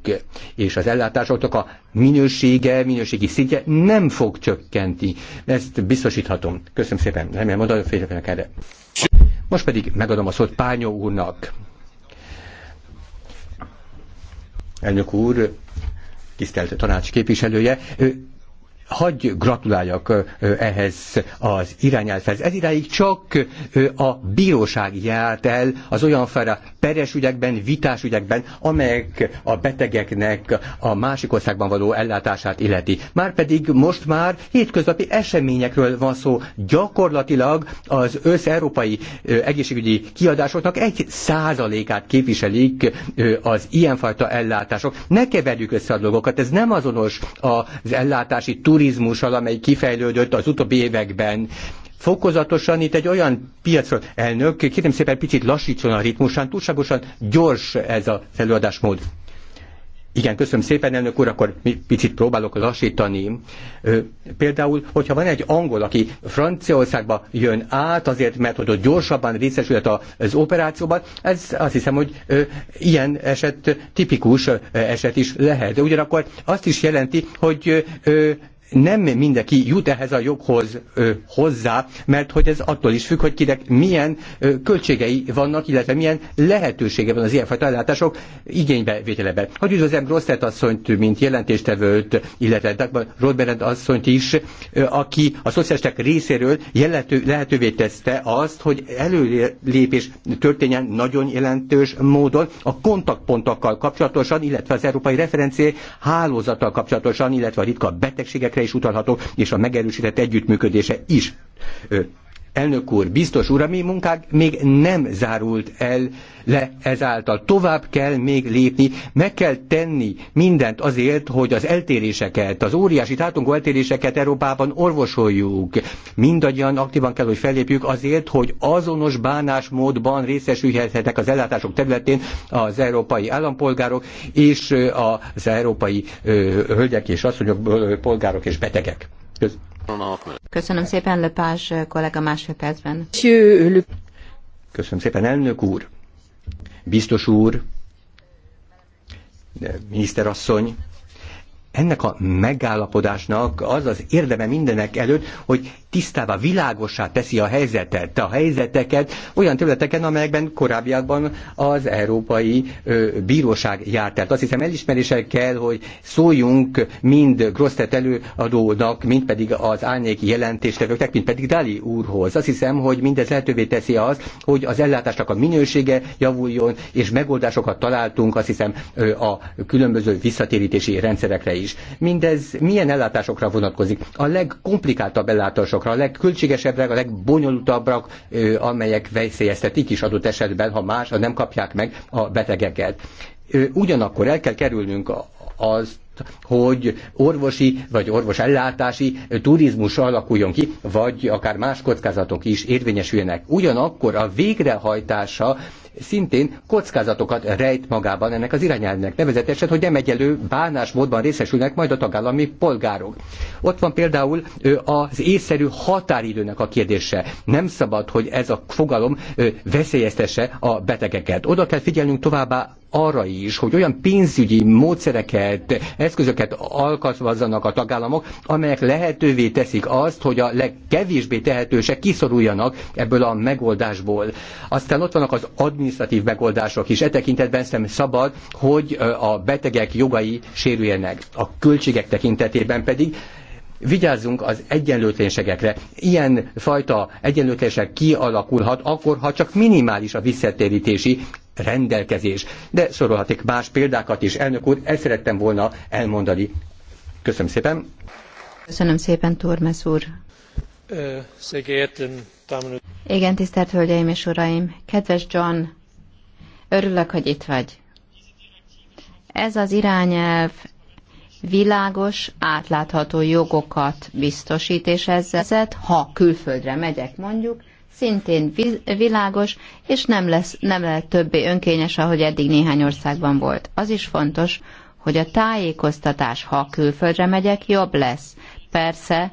és az ellátásoknak a minősége, minőségi szintje nem fog csökkenti. Ezt biztosíthatom. Köszönöm szépen. Remélem, oda félrefelek erre. Most pedig megadom a szót Pányó úrnak. Elnök úr, tisztelt tanács képviselője, hagyj gratuláljak ehhez az irányelvhez. Ez idáig csak a bíróság járt el az olyan fel peres ügyekben, vitás ügyekben, amelyek a betegeknek a másik országban való ellátását illeti. Márpedig most már hétköznapi eseményekről van szó. Gyakorlatilag az ös-európai egészségügyi kiadásoknak egy százalékát képviselik az ilyenfajta ellátások. Ne keverjük össze a dolgokat, ez nem azonos az ellátási túl turizmussal, amely kifejlődött az utóbbi években fokozatosan itt egy olyan piacról, elnök, kérem szépen picit lassítson a ritmusán, túlságosan gyors ez a előadásmód. Igen, köszönöm szépen, elnök úr, akkor mi picit próbálok lassítani. Például, hogyha van egy angol, aki Franciaországba jön át, azért, mert hogy ott gyorsabban részesülhet az operációban, ez azt hiszem, hogy ilyen eset tipikus eset is lehet. De ugyanakkor azt is jelenti, hogy nem mindenki jut ehhez a joghoz ö, hozzá, mert hogy ez attól is függ, hogy kinek milyen ö, költségei vannak, illetve milyen lehetősége van az ilyenfajta ellátások igénybevételeben. Hogy üdvözlöm Grosztet asszonyt, mint jelentéstevőt, illetve Dagmar Rodberend asszonyt is, ö, aki a szociálisták részéről jelentő, lehetővé tette azt, hogy előlépés történjen nagyon jelentős módon a kontaktpontokkal kapcsolatosan, illetve az európai referencié hálózattal kapcsolatosan, illetve a ritka betegségekre is utalhatok, és a megerősített együttműködése is Elnök úr, biztos úr, a mi munkánk még nem zárult el le ezáltal. Tovább kell még lépni, meg kell tenni mindent azért, hogy az eltéréseket, az óriási tátongó eltéréseket Európában orvosoljuk. Mindannyian aktívan kell, hogy fellépjük azért, hogy azonos bánásmódban részesülhetek az ellátások területén az európai állampolgárok és az európai hölgyek és asszonyok, polgárok és betegek. Köszönöm. Köszönöm szépen, Lepázs kollega másfél percben. Köszönöm szépen, elnök úr, biztos úr, miniszterasszony, ennek a megállapodásnak az az érdeme mindenek előtt, hogy tisztává, világosá teszi a helyzetet, a helyzeteket olyan területeken, amelyekben korábbiakban az Európai Bíróság járt. Tehát azt hiszem elismeréssel kell, hogy szóljunk mind Grosztet előadónak, mind pedig az árnyék jelentéstevőknek, mind pedig Dali úrhoz. Azt hiszem, hogy mindez lehetővé teszi az, hogy az ellátásnak a minősége javuljon, és megoldásokat találtunk, azt hiszem, a különböző visszatérítési rendszerekre is. Mindez milyen ellátásokra vonatkozik? A legkomplikáltabb ellátások dolgokra, a legköltségesebbre, a legbonyolultabbra, amelyek veszélyeztetik is adott esetben, ha más, ha nem kapják meg a betegeket. Ugyanakkor el kell kerülnünk azt, hogy orvosi vagy orvos ellátási turizmus alakuljon ki, vagy akár más kockázatok is érvényesüljenek. Ugyanakkor a végrehajtása szintén kockázatokat rejt magában ennek az irányelvnek, nevezetesen, hogy nem egyelő bánásmódban részesülnek majd a tagállami polgárok. Ott van például az észszerű határidőnek a kérdése. Nem szabad, hogy ez a fogalom veszélyeztesse a betegeket. Oda kell figyelnünk továbbá arra is, hogy olyan pénzügyi módszereket, eszközöket alkalmazzanak a tagállamok, amelyek lehetővé teszik azt, hogy a legkevésbé tehetősek kiszoruljanak ebből a megoldásból. Aztán ott vannak az administratív megoldások is. E tekintetben sem szabad, hogy a betegek jogai sérüljenek. A költségek tekintetében pedig vigyázzunk az egyenlőtlenségekre. Ilyen fajta egyenlőtlenség kialakulhat akkor, ha csak minimális a visszatérítési rendelkezés. De sorolhatik más példákat is. Elnök úr, ezt szerettem volna elmondani. Köszönöm szépen. Köszönöm szépen, Tormes úr. Igen, tisztelt Hölgyeim és Uraim! Kedves John, örülök, hogy itt vagy. Ez az irányelv világos, átlátható jogokat biztosít, és ezzel, ha külföldre megyek mondjuk, szintén világos, és nem, lesz, nem lehet többé önkényes, ahogy eddig néhány országban volt. Az is fontos, hogy a tájékoztatás, ha külföldre megyek, jobb lesz. Persze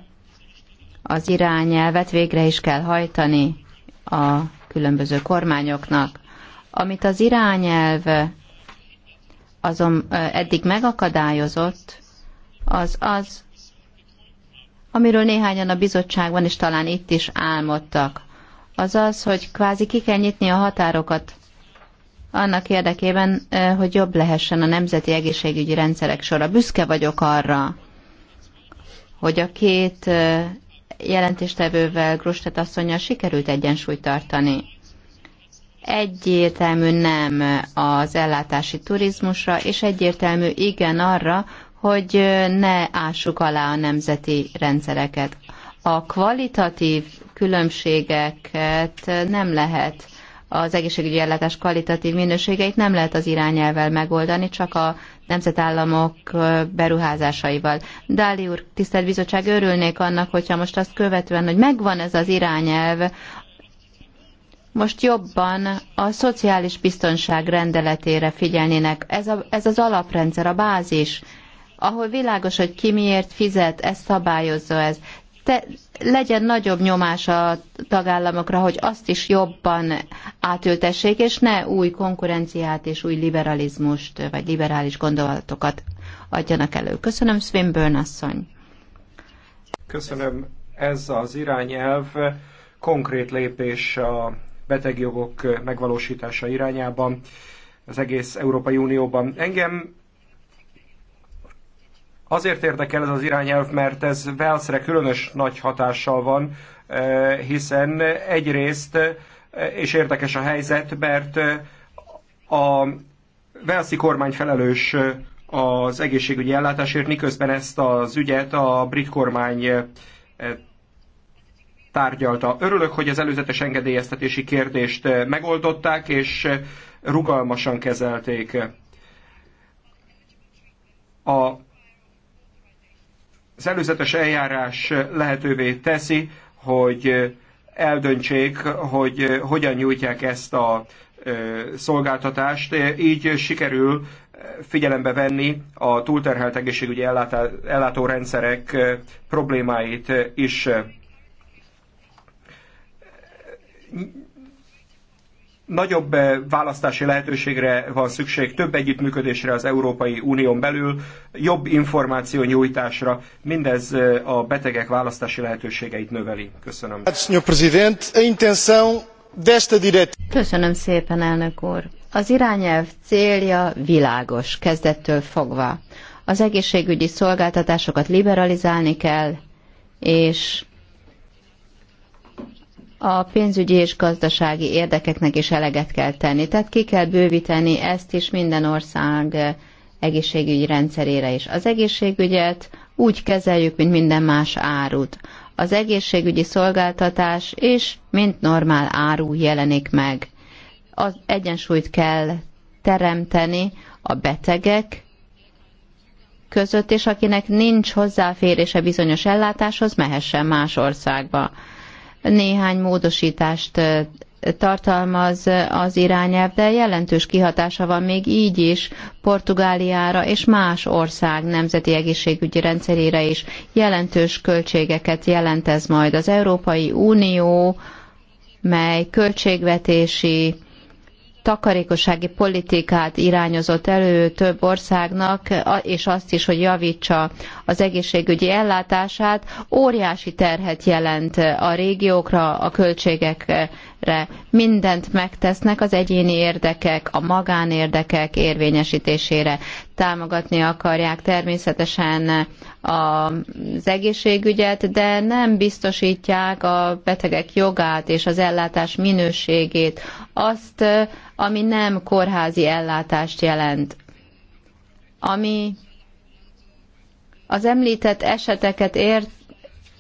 az irányelvet végre is kell hajtani a különböző kormányoknak. Amit az irányelv azon eddig megakadályozott, az az, amiről néhányan a bizottságban és talán itt is álmodtak, az az, hogy kvázi ki kell nyitni a határokat annak érdekében, hogy jobb lehessen a nemzeti egészségügyi rendszerek sora. Büszke vagyok arra, hogy a két jelentéstevővel, Grostet asszonyjal sikerült egyensúlyt tartani. Egyértelmű nem az ellátási turizmusra, és egyértelmű igen arra, hogy ne ássuk alá a nemzeti rendszereket. A kvalitatív különbségeket nem lehet az egészségügyi ellátás kvalitatív minőségeit nem lehet az irányelvel megoldani, csak a nemzetállamok beruházásaival. Dáli úr, tisztelt bizottság, örülnék annak, hogyha most azt követően, hogy megvan ez az irányelv, most jobban a szociális biztonság rendeletére figyelnének. Ez, a, ez az alaprendszer, a bázis, ahol világos, hogy ki miért fizet, ez szabályozza ez te, legyen nagyobb nyomás a tagállamokra, hogy azt is jobban átültessék, és ne új konkurenciát és új liberalizmust, vagy liberális gondolatokat adjanak elő. Köszönöm, Swinburne asszony. Köszönöm. Ez az irányelv konkrét lépés a betegjogok megvalósítása irányában az egész Európai Unióban. Engem Azért érdekel ez az irányelv, mert ez Velszre különös nagy hatással van, eh, hiszen egyrészt, eh, és érdekes a helyzet, mert eh, a Velszi kormány felelős az egészségügyi ellátásért, miközben ezt az ügyet a brit kormány tárgyalta. Örülök, hogy az előzetes engedélyeztetési kérdést megoldották, és rugalmasan kezelték. A az előzetes eljárás lehetővé teszi, hogy eldöntsék, hogy hogyan nyújtják ezt a szolgáltatást. Így sikerül figyelembe venni a túlterhelt egészségügyi ellátórendszerek problémáit is nagyobb eh, választási lehetőségre van szükség, több együttműködésre az Európai Unión belül, jobb információ nyújtásra. Mindez eh, a betegek választási lehetőségeit növeli. Köszönöm. Köszönöm szépen, elnök úr. Az irányelv célja világos, kezdettől fogva. Az egészségügyi szolgáltatásokat liberalizálni kell, és a pénzügyi és gazdasági érdekeknek is eleget kell tenni. Tehát ki kell bővíteni ezt is minden ország egészségügyi rendszerére is. Az egészségügyet úgy kezeljük, mint minden más árut. Az egészségügyi szolgáltatás és mint normál áru jelenik meg. Az egyensúlyt kell teremteni a betegek között, és akinek nincs hozzáférése bizonyos ellátáshoz, mehessen más országba néhány módosítást tartalmaz az irányelv, de jelentős kihatása van még így is Portugáliára és más ország nemzeti egészségügyi rendszerére is. Jelentős költségeket jelentez majd az Európai Unió, mely költségvetési takarékossági politikát irányozott elő több országnak, és azt is, hogy javítsa az egészségügyi ellátását, óriási terhet jelent a régiókra, a költségek re mindent megtesznek az egyéni érdekek, a magánérdekek érvényesítésére. Támogatni akarják természetesen az egészségügyet, de nem biztosítják a betegek jogát és az ellátás minőségét, azt, ami nem kórházi ellátást jelent. Ami az említett eseteket ért,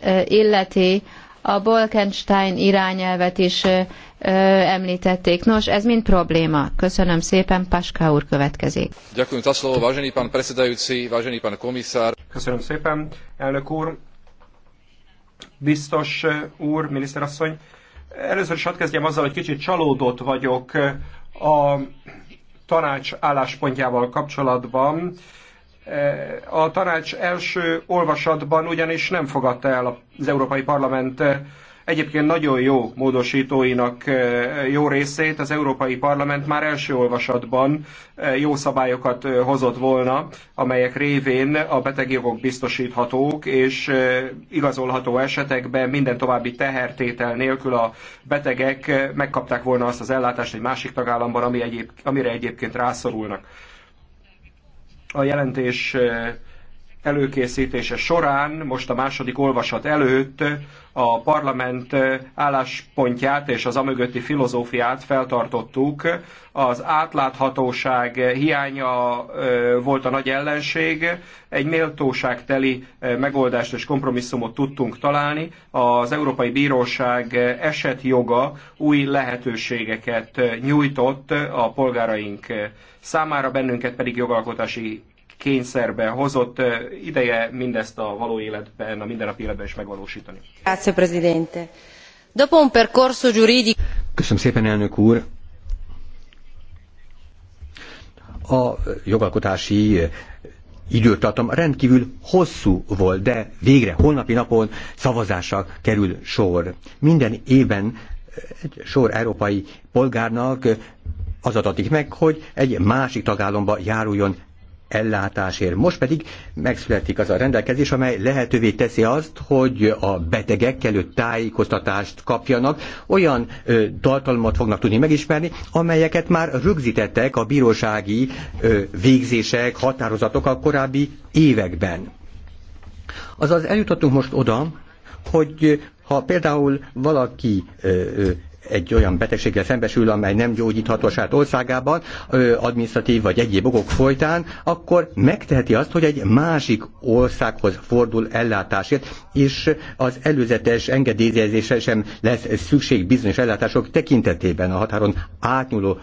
eh, illeti, a Bolkenstein irányelvet is említették. Nos, ez mind probléma. Köszönöm szépen, Paska úr következik. vážený pán vážený pán komisár. Köszönöm szépen, elnök úr, biztos úr, miniszterasszony. Először is hadd kezdjem azzal, hogy kicsit csalódott vagyok a tanács álláspontjával kapcsolatban a tanács első olvasatban ugyanis nem fogadta el az Európai Parlament eh, egyébként nagyon jó módosítóinak eh, jó részét az Európai Parlament már első olvasatban eh, jó szabályokat hozott volna, amelyek révén a betegjogok biztosíthatók, és igazolható esetekben minden további tehertétel nélkül a betegek megkapták volna azt az ellátást egy másik tagállamban, ami amire egyébként rászorulnak a jelentés eh, előkészítése során, most a második olvasat előtt a parlament álláspontját és az amögötti filozófiát feltartottuk. Az átláthatóság hiánya volt a nagy ellenség, egy méltóságteli megoldást és kompromisszumot tudtunk találni. Az Európai Bíróság esetjoga új lehetőségeket nyújtott a polgáraink számára, bennünket pedig jogalkotási kényszerbe hozott ideje mindezt a való életben, a mindennapi életben is megvalósítani. Köszönöm szépen, elnök úr! A jogalkotási időtartam rendkívül hosszú volt, de végre holnapi napon szavazásra kerül sor. Minden évben egy sor európai polgárnak az adatik meg, hogy egy másik tagállamba járuljon ellátásért. Most pedig megszületik az a rendelkezés, amely lehetővé teszi azt, hogy a betegek előtt tájékoztatást kapjanak, olyan ö, tartalmat fognak tudni megismerni, amelyeket már rögzítettek a bírósági ö, végzések, határozatok a korábbi években. Azaz eljutottunk most oda, hogy ha például valaki ö, ö, egy olyan betegséggel szembesül, amely nem gyógyítható saját országában, administratív vagy egyéb okok folytán, akkor megteheti azt, hogy egy másik országhoz fordul ellátásért, és az előzetes engedélyezésre sem lesz szükség bizonyos ellátások tekintetében a határon átnyúló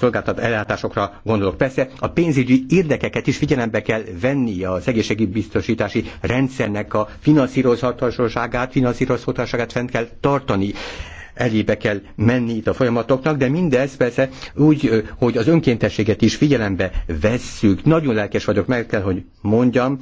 szolgáltat ellátásokra gondolok. Persze a pénzügyi érdekeket is figyelembe kell venni az biztosítási rendszernek a finanszírozhatóságát, finanszírozhatóságát fent kell tartani elébe kell menni itt a folyamatoknak, de mindez persze úgy, hogy az önkéntességet is figyelembe vesszük. Nagyon lelkes vagyok, meg kell, hogy mondjam,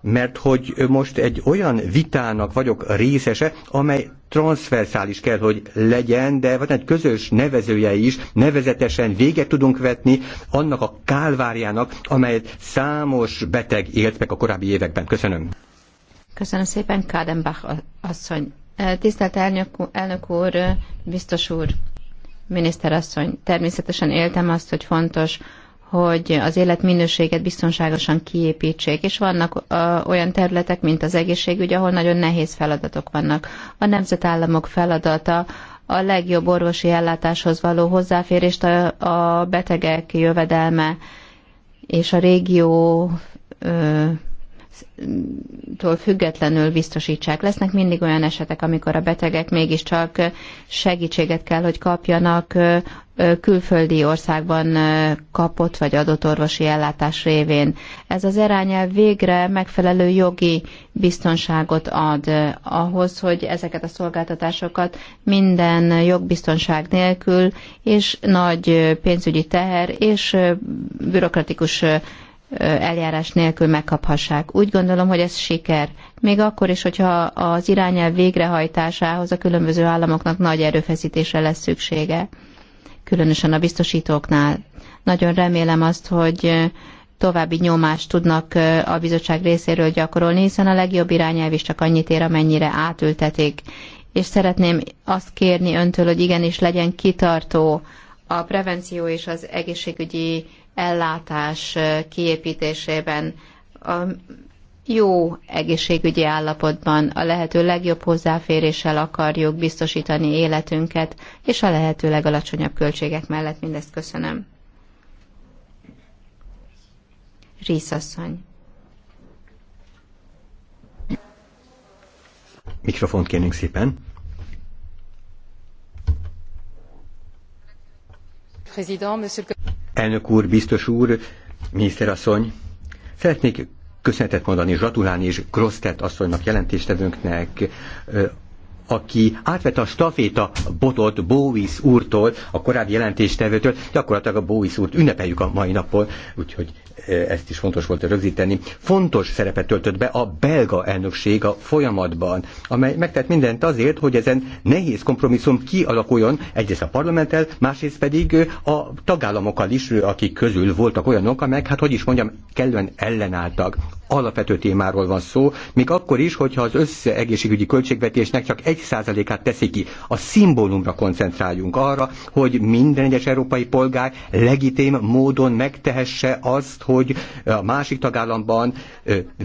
mert hogy most egy olyan vitának vagyok részese, amely transzverszális kell, hogy legyen, de van egy közös nevezője is, nevezetesen véget tudunk vetni annak a kálváriának, amelyet számos beteg élt meg a korábbi években. Köszönöm. Köszönöm szépen, Kádenbach asszony. Eh, tisztelt elnök úr, eh, biztos úr, miniszterasszony, természetesen éltem azt, hogy fontos, hogy az életminőséget biztonságosan kiépítsék, és vannak olyan területek, mint az egészségügy, ahol nagyon nehéz feladatok vannak. A nemzetállamok feladata a legjobb orvosi ellátáshoz való hozzáférést a, a betegek jövedelme és a régió ö, tól függetlenül biztosítsák. Lesznek mindig olyan esetek, amikor a betegek mégiscsak segítséget kell, hogy kapjanak külföldi országban kapott vagy adott orvosi ellátás révén. Ez az irányelv végre megfelelő jogi biztonságot ad ahhoz, hogy ezeket a szolgáltatásokat minden jogbiztonság nélkül és nagy pénzügyi teher és bürokratikus eljárás nélkül megkaphassák. Úgy gondolom, hogy ez siker. Még akkor is, hogyha az irányelv végrehajtásához a különböző államoknak nagy erőfeszítésre lesz szüksége, különösen a biztosítóknál. Nagyon remélem azt, hogy további nyomást tudnak a bizottság részéről gyakorolni, hiszen a legjobb irányelv is csak annyit ér, amennyire átültetik. És szeretném azt kérni öntől, hogy igenis legyen kitartó a prevenció és az egészségügyi ellátás eh, kiépítésében, a jó egészségügyi állapotban a lehető legjobb hozzáféréssel akarjuk biztosítani életünket, és a lehető legalacsonyabb költségek mellett mindezt köszönöm. Rízasszony. Mikrofont kérnénk szépen. President, monsieur le Elnök úr, biztos úr, miniszterasszony, szeretnék köszönetet mondani, zsatulán és Grosztet asszonynak, jelentéstevőnknek, aki átvette a staféta botot Bowis úrtól, a korábbi jelentéstevőtől, gyakorlatilag a Bowis úrt ünnepeljük a mai napon, úgyhogy e, ezt is fontos volt rögzíteni. Fontos szerepet töltött be a belga elnökség a folyamatban, amely megtett mindent azért, hogy ezen nehéz kompromisszum kialakuljon egyrészt a parlamenttel, másrészt pedig e, a tagállamokkal is, akik közül voltak olyanok, amelyek, hát hogy is mondjam, kellően ellenálltak alapvető témáról van szó, még akkor is, hogyha az összeegészségügyi költségvetésnek csak egy százalékát teszi ki. A szimbólumra koncentráljunk arra, hogy minden egyes európai polgár legitim módon megtehesse azt, hogy a másik tagállamban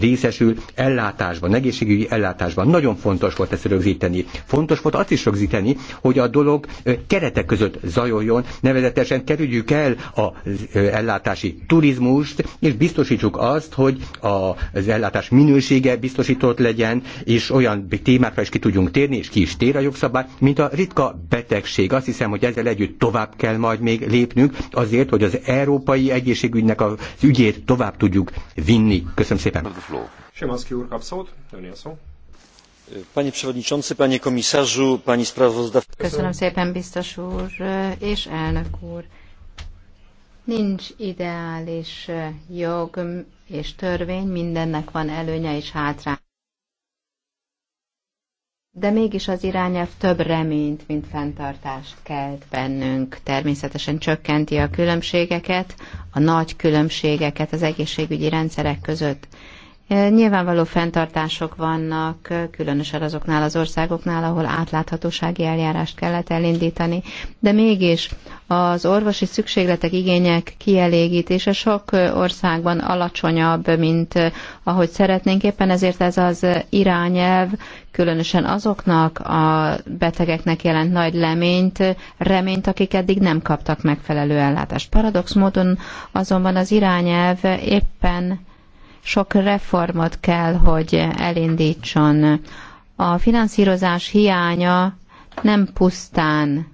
részesül ellátásban, egészségügyi ellátásban. Nagyon fontos volt ezt rögzíteni. Fontos volt azt is rögzíteni, hogy a dolog keretek között zajoljon, nevezetesen kerüljük el az ellátási turizmust, és biztosítsuk azt, hogy a az ellátás minősége biztosított legyen, és olyan témákra is ki tudjunk térni, és ki is tér a jogszabály, mint a ritka betegség. Azt hiszem, hogy ezzel együtt tovább kell majd még lépnünk azért, hogy az európai egészségügynek az ügyét tovább tudjuk vinni. Köszönöm szépen. Szymanski úr kap szót, a szó panie przewodniczący panie komisarzu pani sprawozdawczyni! Nincs ideális jog és törvény, mindennek van előnye és hátrány. De mégis az irányelv több reményt, mint fenntartást kelt bennünk. Természetesen csökkenti a különbségeket, a nagy különbségeket az egészségügyi rendszerek között. E, nyilvánvaló fenntartások vannak, e, különösen azoknál az országoknál, ahol átláthatósági eljárást kellett elindítani, de mégis az orvosi szükségletek, igények kielégítése sok e, országban alacsonyabb, mint ahogy szeretnénk. Éppen ezért ez az irányelv különösen azoknak a betegeknek jelent nagy leményt, reményt, akik eddig nem kaptak megfelelő ellátást. Paradox módon azonban az irányelv éppen sok reformot kell, hogy elindítson. A finanszírozás hiánya nem pusztán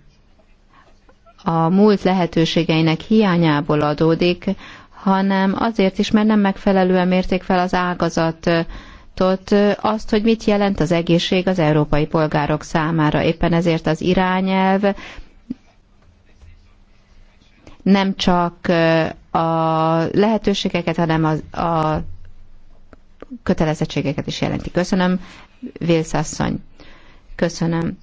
a múlt lehetőségeinek hiányából adódik, hanem azért is, mert nem megfelelően mérték fel az ágazatot, azt, hogy mit jelent az egészség az európai polgárok számára. Éppen ezért az irányelv nem csak a lehetőségeket, hanem a, a kötelezettségeket is jelenti. Köszönöm, Vélsz Köszönöm.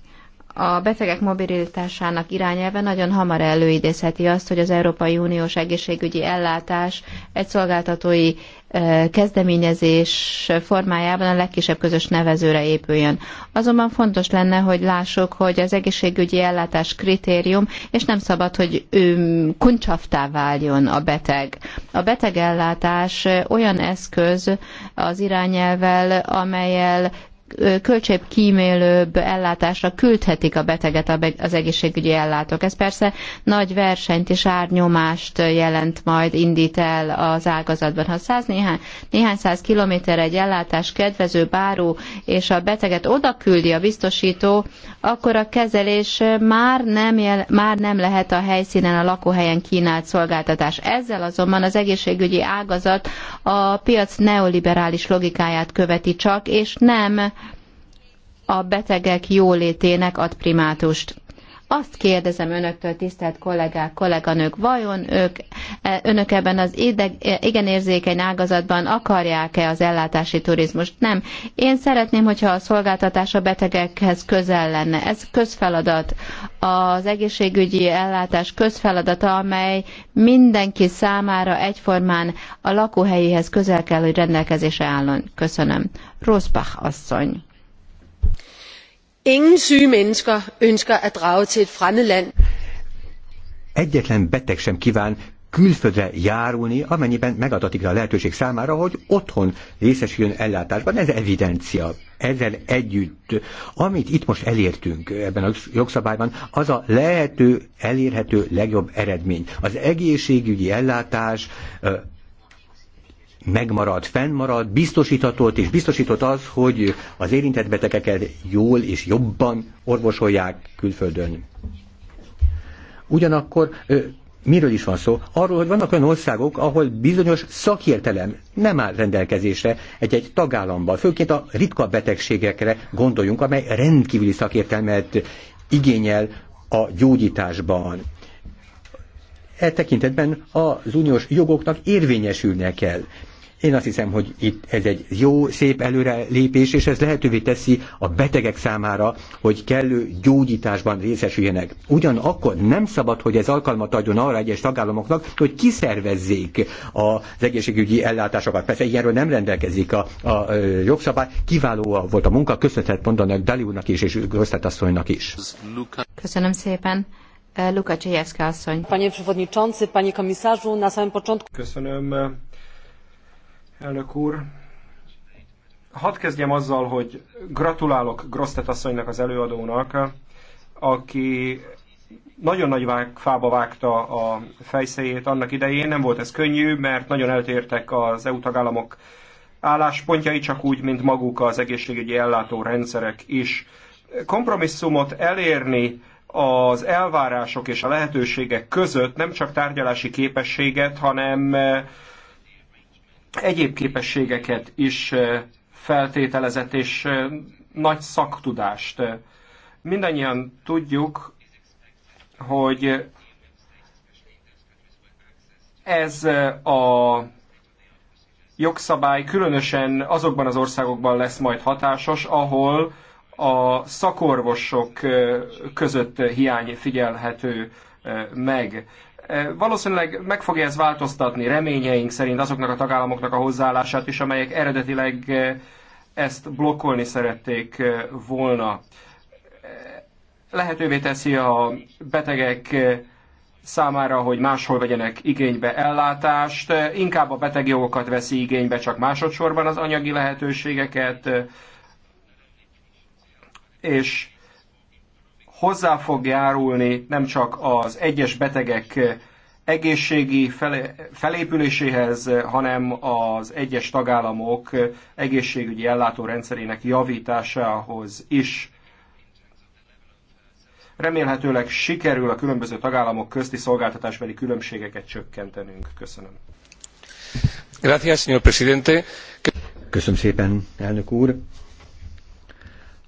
A betegek mobilitásának irányelve nagyon hamar előidézheti azt, hogy az Európai Uniós egészségügyi ellátás egy szolgáltatói kezdeményezés formájában a legkisebb közös nevezőre épüljön. Azonban fontos lenne, hogy lássuk, hogy az egészségügyi ellátás kritérium, és nem szabad, hogy kuncsaftá váljon a beteg. A betegellátás olyan eszköz az irányelvel, amelyel költségkímélőbb ellátásra küldhetik a beteget az egészségügyi ellátók. Ez persze nagy versenyt és árnyomást jelent majd, indít el az ágazatban. Ha száz néhány, néhány száz kilométer egy ellátás kedvező báró, és a beteget oda küldi a biztosító, akkor a kezelés már nem, jel, már nem lehet a helyszínen, a lakóhelyen kínált szolgáltatás. Ezzel azonban az egészségügyi ágazat a piac neoliberális logikáját követi csak, és nem a betegek jólétének ad primátust. Azt kérdezem önöktől, tisztelt kollégák, kolléganők, vajon ők, e, önök ebben az ideg, e, igen érzékeny ágazatban akarják-e az ellátási turizmust? Nem. Én szeretném, hogyha a szolgáltatás a betegekhez közel lenne. Ez közfeladat. Az egészségügyi ellátás közfeladata, amely mindenki számára egyformán a lakóhelyéhez közel kell, hogy rendelkezésre állon. Köszönöm. Rosbach asszony. Ingen syge mennesker ønsker at drage til et fremmed land. Egyetlen beteg sem kíván külföldre járulni, amennyiben megadatik a lehetőség számára, hogy otthon részesüljön ellátásban. Ez evidencia. Ezzel együtt, amit itt most elértünk ebben a jogszabályban, az a lehető, elérhető legjobb eredmény. Az egészségügyi ellátás megmarad, fennmarad, biztosíthatott és biztosított az, hogy az érintett betegeket jól és jobban orvosolják külföldön. Ugyanakkor miről is van szó? Arról, hogy vannak olyan országok, ahol bizonyos szakértelem nem áll rendelkezésre egy-egy tagállamban, főként a ritka betegségekre gondoljunk, amely rendkívüli szakértelmet igényel a gyógyításban. E tekintetben az uniós jogoknak érvényesülnie kell. Én azt hiszem, hogy itt ez egy jó, szép előrelépés, és ez lehetővé teszi a betegek számára, hogy kellő gyógyításban részesüljenek. Ugyanakkor nem szabad, hogy ez alkalmat adjon arra egyes tagállamoknak, hogy kiszervezzék az egészségügyi ellátásokat. Persze ilyenről nem rendelkezik a, a, a jogszabály. Kiváló volt a munka, köszönetet mondanak Dali úrnak is, és Grosztát asszonynak is. Köszönöm szépen. Lukacsejewska asszony. Panie przewodniczący, panie komisarzu, na samym początku... Köszönöm. Elnök úr, hadd kezdjem azzal, hogy gratulálok Grosztet asszonynak, az előadónak, aki nagyon nagy vág, fába vágta a fejszéjét annak idején. Nem volt ez könnyű, mert nagyon eltértek az EU tagállamok álláspontjai, csak úgy, mint maguk az egészségügyi ellátó rendszerek is. Kompromisszumot elérni az elvárások és a lehetőségek között nem csak tárgyalási képességet, hanem egyéb képességeket is feltételezett, és nagy szaktudást. Mindannyian tudjuk, hogy ez a jogszabály különösen azokban az országokban lesz majd hatásos, ahol a szakorvosok között hiány figyelhető meg. Valószínűleg meg fogja ez változtatni reményeink szerint azoknak a tagállamoknak a hozzáállását is, amelyek eredetileg ezt blokkolni szerették volna. Lehetővé teszi a betegek számára, hogy máshol vegyenek igénybe ellátást, inkább a betegjogokat veszi igénybe, csak másodszorban az anyagi lehetőségeket, és hozzá fog járulni nem csak az egyes betegek egészségi felépüléséhez, hanem az egyes tagállamok egészségügyi ellátórendszerének javításához is. Remélhetőleg sikerül a különböző tagállamok közti szolgáltatásbeli különbségeket csökkentenünk. Köszönöm. Gracias, señor presidente. Köszönöm szépen, elnök úr.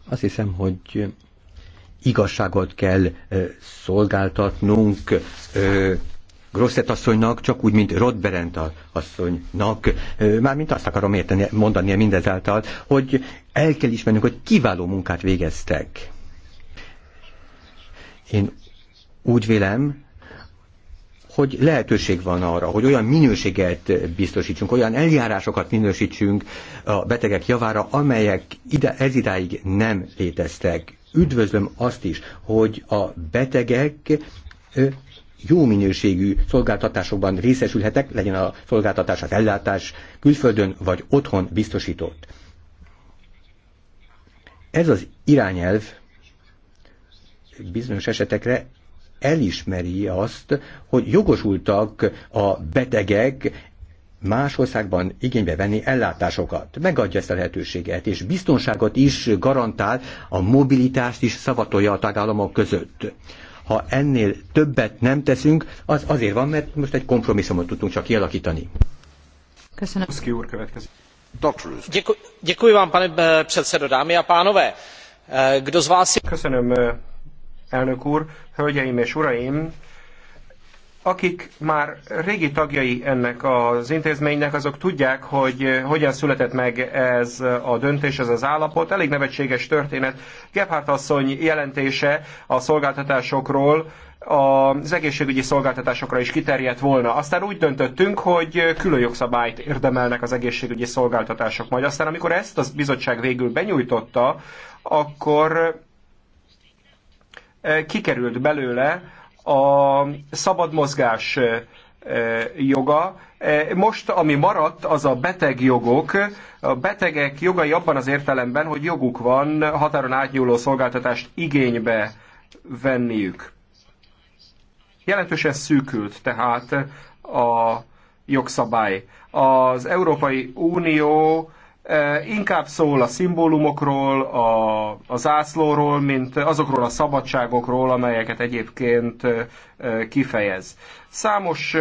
Azt hiszem, hogy igazságot kell szolgáltatnunk Grosset asszonynak, csak úgy, mint Rodberent asszonynak. Mármint azt akarom érteni, mondani mindezáltal, hogy el kell ismernünk, hogy kiváló munkát végeztek. Én úgy vélem, hogy lehetőség van arra, hogy olyan minőséget biztosítsunk, olyan eljárásokat minősítsünk a betegek javára, amelyek ide, ez idáig nem léteztek üdvözlöm azt is, hogy a betegek jó minőségű szolgáltatásokban részesülhetek, legyen a szolgáltatás, az ellátás külföldön vagy otthon biztosított. Ez az irányelv bizonyos esetekre elismeri azt, hogy jogosultak a betegek más országban igénybe venni ellátásokat. Megadja ezt a lehetőséget, és biztonságot is garantál, a mobilitást is szavatolja a tagállamok között. Ha ennél többet nem teszünk, az azért van, mert most egy kompromisszumot tudtunk csak kialakítani. Köszönöm. úr Děkuji vám, pane eh, předsedo, dámy a pánové. Eh, kdo z vás... Köszönöm, eh, elnök úr, hölgyeim és uraim akik már régi tagjai ennek az intézménynek, azok tudják, hogy eh, hogyan született meg ez a döntés, ez az állapot. Elég nevetséges történet. Gebhardt asszony jelentése a szolgáltatásokról az egészségügyi szolgáltatásokra is kiterjedt volna. Aztán úgy döntöttünk, hogy külön jogszabályt érdemelnek az egészségügyi szolgáltatások majd. Aztán amikor ezt a bizottság végül benyújtotta, akkor eh, kikerült belőle a szabad mozgás joga. Most, ami maradt, az a jogok. A betegek jogai abban az értelemben, hogy joguk van határon átnyúló szolgáltatást igénybe venniük. Jelentősen szűkült tehát a jogszabály. Az Európai Unió inkább szól a szimbólumokról, a, a zászlóról, mint azokról a szabadságokról, amelyeket egyébként kifejez. Számos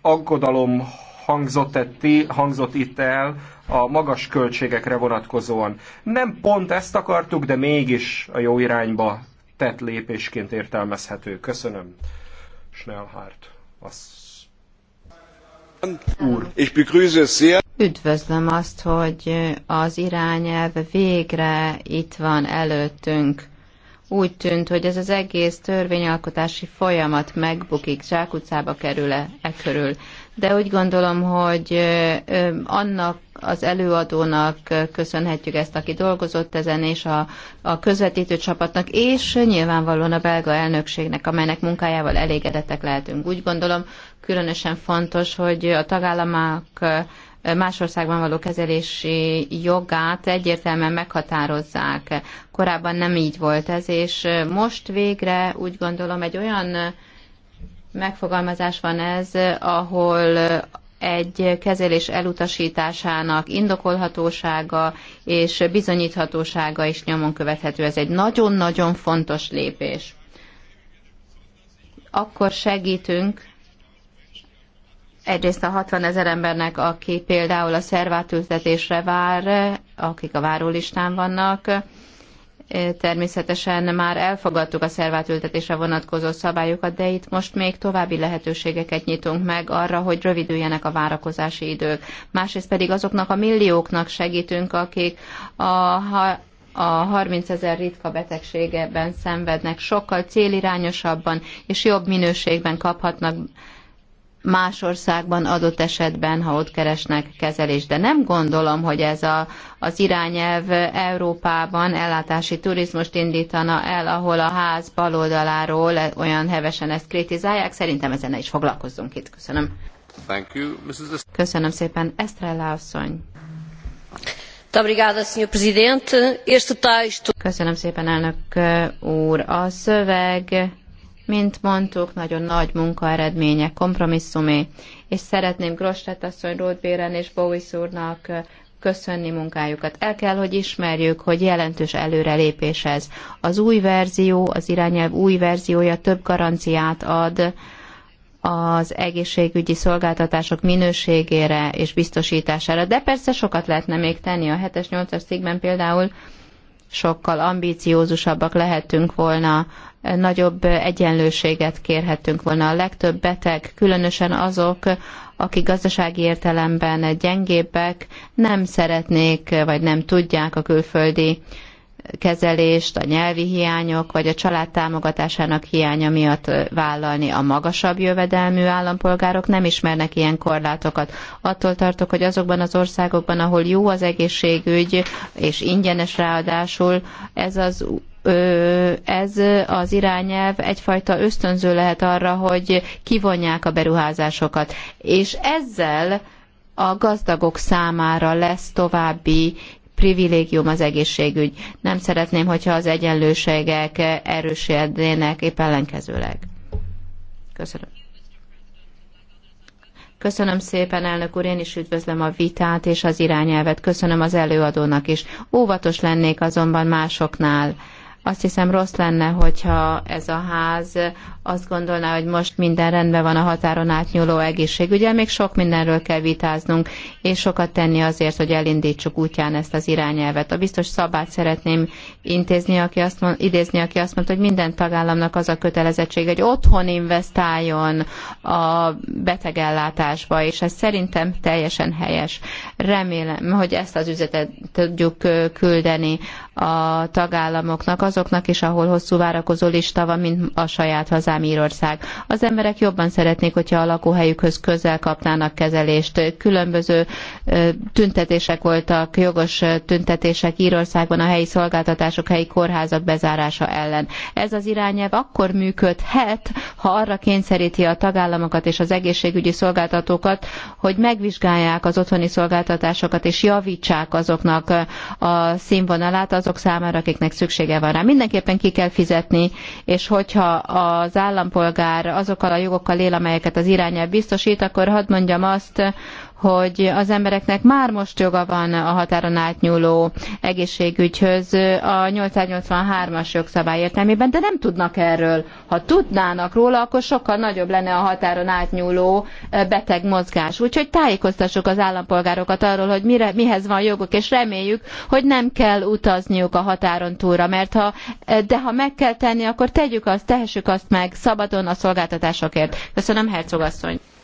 aggodalom hangzott, etti, hangzott itt el a magas költségekre vonatkozóan. Nem pont ezt akartuk, de mégis a jó irányba tett lépésként értelmezhető. Köszönöm, Schnellhardt. Az... Úr. Ich begrüße sehr. Üdvözlöm azt, hogy az irányelv végre itt van előttünk. Úgy tűnt, hogy ez az egész törvényalkotási folyamat megbukik, zsákutcába kerül-e e körül. De úgy gondolom, hogy annak az előadónak köszönhetjük ezt, aki dolgozott ezen, és a, a közvetítő csapatnak, és nyilvánvalóan a belga elnökségnek, amelynek munkájával elégedettek lehetünk. Úgy gondolom, különösen fontos, hogy a tagállamok más országban való kezelési jogát egyértelműen meghatározzák. Korábban nem így volt ez, és most végre úgy gondolom egy olyan megfogalmazás van ez, ahol egy kezelés elutasításának indokolhatósága és bizonyíthatósága is nyomon követhető. Ez egy nagyon-nagyon fontos lépés. Akkor segítünk, egyrészt a 60 ezer embernek, aki például a szervátültetésre vár, akik a várólistán vannak, természetesen már elfogadtuk a szervátültetésre vonatkozó szabályokat, de itt most még további lehetőségeket nyitunk meg arra, hogy rövidüljenek a várakozási idők. Másrészt pedig azoknak a millióknak segítünk, akik a, a 30 ezer ritka betegségeben szenvednek, sokkal célirányosabban és jobb minőségben kaphatnak más országban adott esetben, ha ott keresnek kezelést. De nem gondolom, hogy ez a, az irányelv Európában ellátási turizmust indítana el, ahol a ház baloldaláról olyan hevesen ezt kritizálják. Szerintem ezen is foglalkozzunk itt. Köszönöm. Thank you, Mrs. Köszönöm szépen. Estrella asszony. Köszönöm szépen, elnök uh, úr. A szöveg mint mondtuk, nagyon nagy munkaeredménye, kompromisszumé, és szeretném Grosset asszony, Ródbéren és Bowis úrnak köszönni munkájukat. El kell, hogy ismerjük, hogy jelentős előrelépés ez. Az új verzió, az irányelv új verziója több garanciát ad az egészségügyi szolgáltatások minőségére és biztosítására. De persze sokat lehetne még tenni. A 7-es, 8-as cikkben például sokkal ambíciózusabbak lehetünk volna nagyobb egyenlőséget kérhetünk volna. A legtöbb beteg, különösen azok, akik gazdasági értelemben gyengébbek, nem szeretnék vagy nem tudják a külföldi kezelést, a nyelvi hiányok vagy a család támogatásának hiánya miatt vállalni a magasabb jövedelmű állampolgárok nem ismernek ilyen korlátokat. Attól tartok, hogy azokban az országokban, ahol jó az egészségügy és ingyenes ráadásul, ez az ez az irányelv egyfajta ösztönző lehet arra, hogy kivonják a beruházásokat. És ezzel a gazdagok számára lesz további privilégium az egészségügy. Nem szeretném, hogyha az egyenlőségek erősödnének, épp ellenkezőleg. Köszönöm. Köszönöm szépen, elnök úr, én is üdvözlöm a vitát és az irányelvet. Köszönöm az előadónak is. Óvatos lennék azonban másoknál azt hiszem rossz lenne, hogyha ez a ház azt gondolná, hogy most minden rendben van a határon átnyúló Ugye még sok mindenről kell vitáznunk, és sokat tenni azért, hogy elindítsuk útján ezt az irányelvet. A biztos szabát szeretném intézni, aki azt mond, idézni, aki azt mondta, hogy minden tagállamnak az a kötelezettség, hogy otthon investáljon a betegellátásba, és ez szerintem teljesen helyes. Remélem, hogy ezt az üzletet tudjuk küldeni a tagállamoknak, azoknak is, ahol hosszú várakozó lista van, mint a saját hazám Írország. Az emberek jobban szeretnék, hogyha a lakóhelyükhöz közel kapnának kezelést. Különböző tüntetések voltak, jogos tüntetések Írországban a helyi szolgáltatások, helyi kórházak bezárása ellen. Ez az irányelv akkor működhet, ha arra kényszeríti a tagállamokat és az egészségügyi szolgáltatókat, hogy megvizsgálják az otthoni szolgáltatásokat és javítsák azoknak a színvonalát, az azok számára, akiknek szüksége van rá. Mindenképpen ki kell fizetni, és hogyha az állampolgár azokkal a jogokkal él, amelyeket az irányel biztosít, akkor hadd mondjam azt, hogy az embereknek már most joga van a határon átnyúló egészségügyhöz a 883-as jogszabály értelmében, de nem tudnak erről. Ha tudnának róla, akkor sokkal nagyobb lenne a határon átnyúló eh, beteg mozgás. Úgyhogy tájékoztassuk az állampolgárokat arról, hogy mire, mihez van joguk, és reméljük, hogy nem kell utazniuk a határon túlra, mert ha, eh, de ha meg kell tenni, akkor tegyük azt, tehessük azt meg szabadon a szolgáltatásokért. Köszönöm, Herzog asszony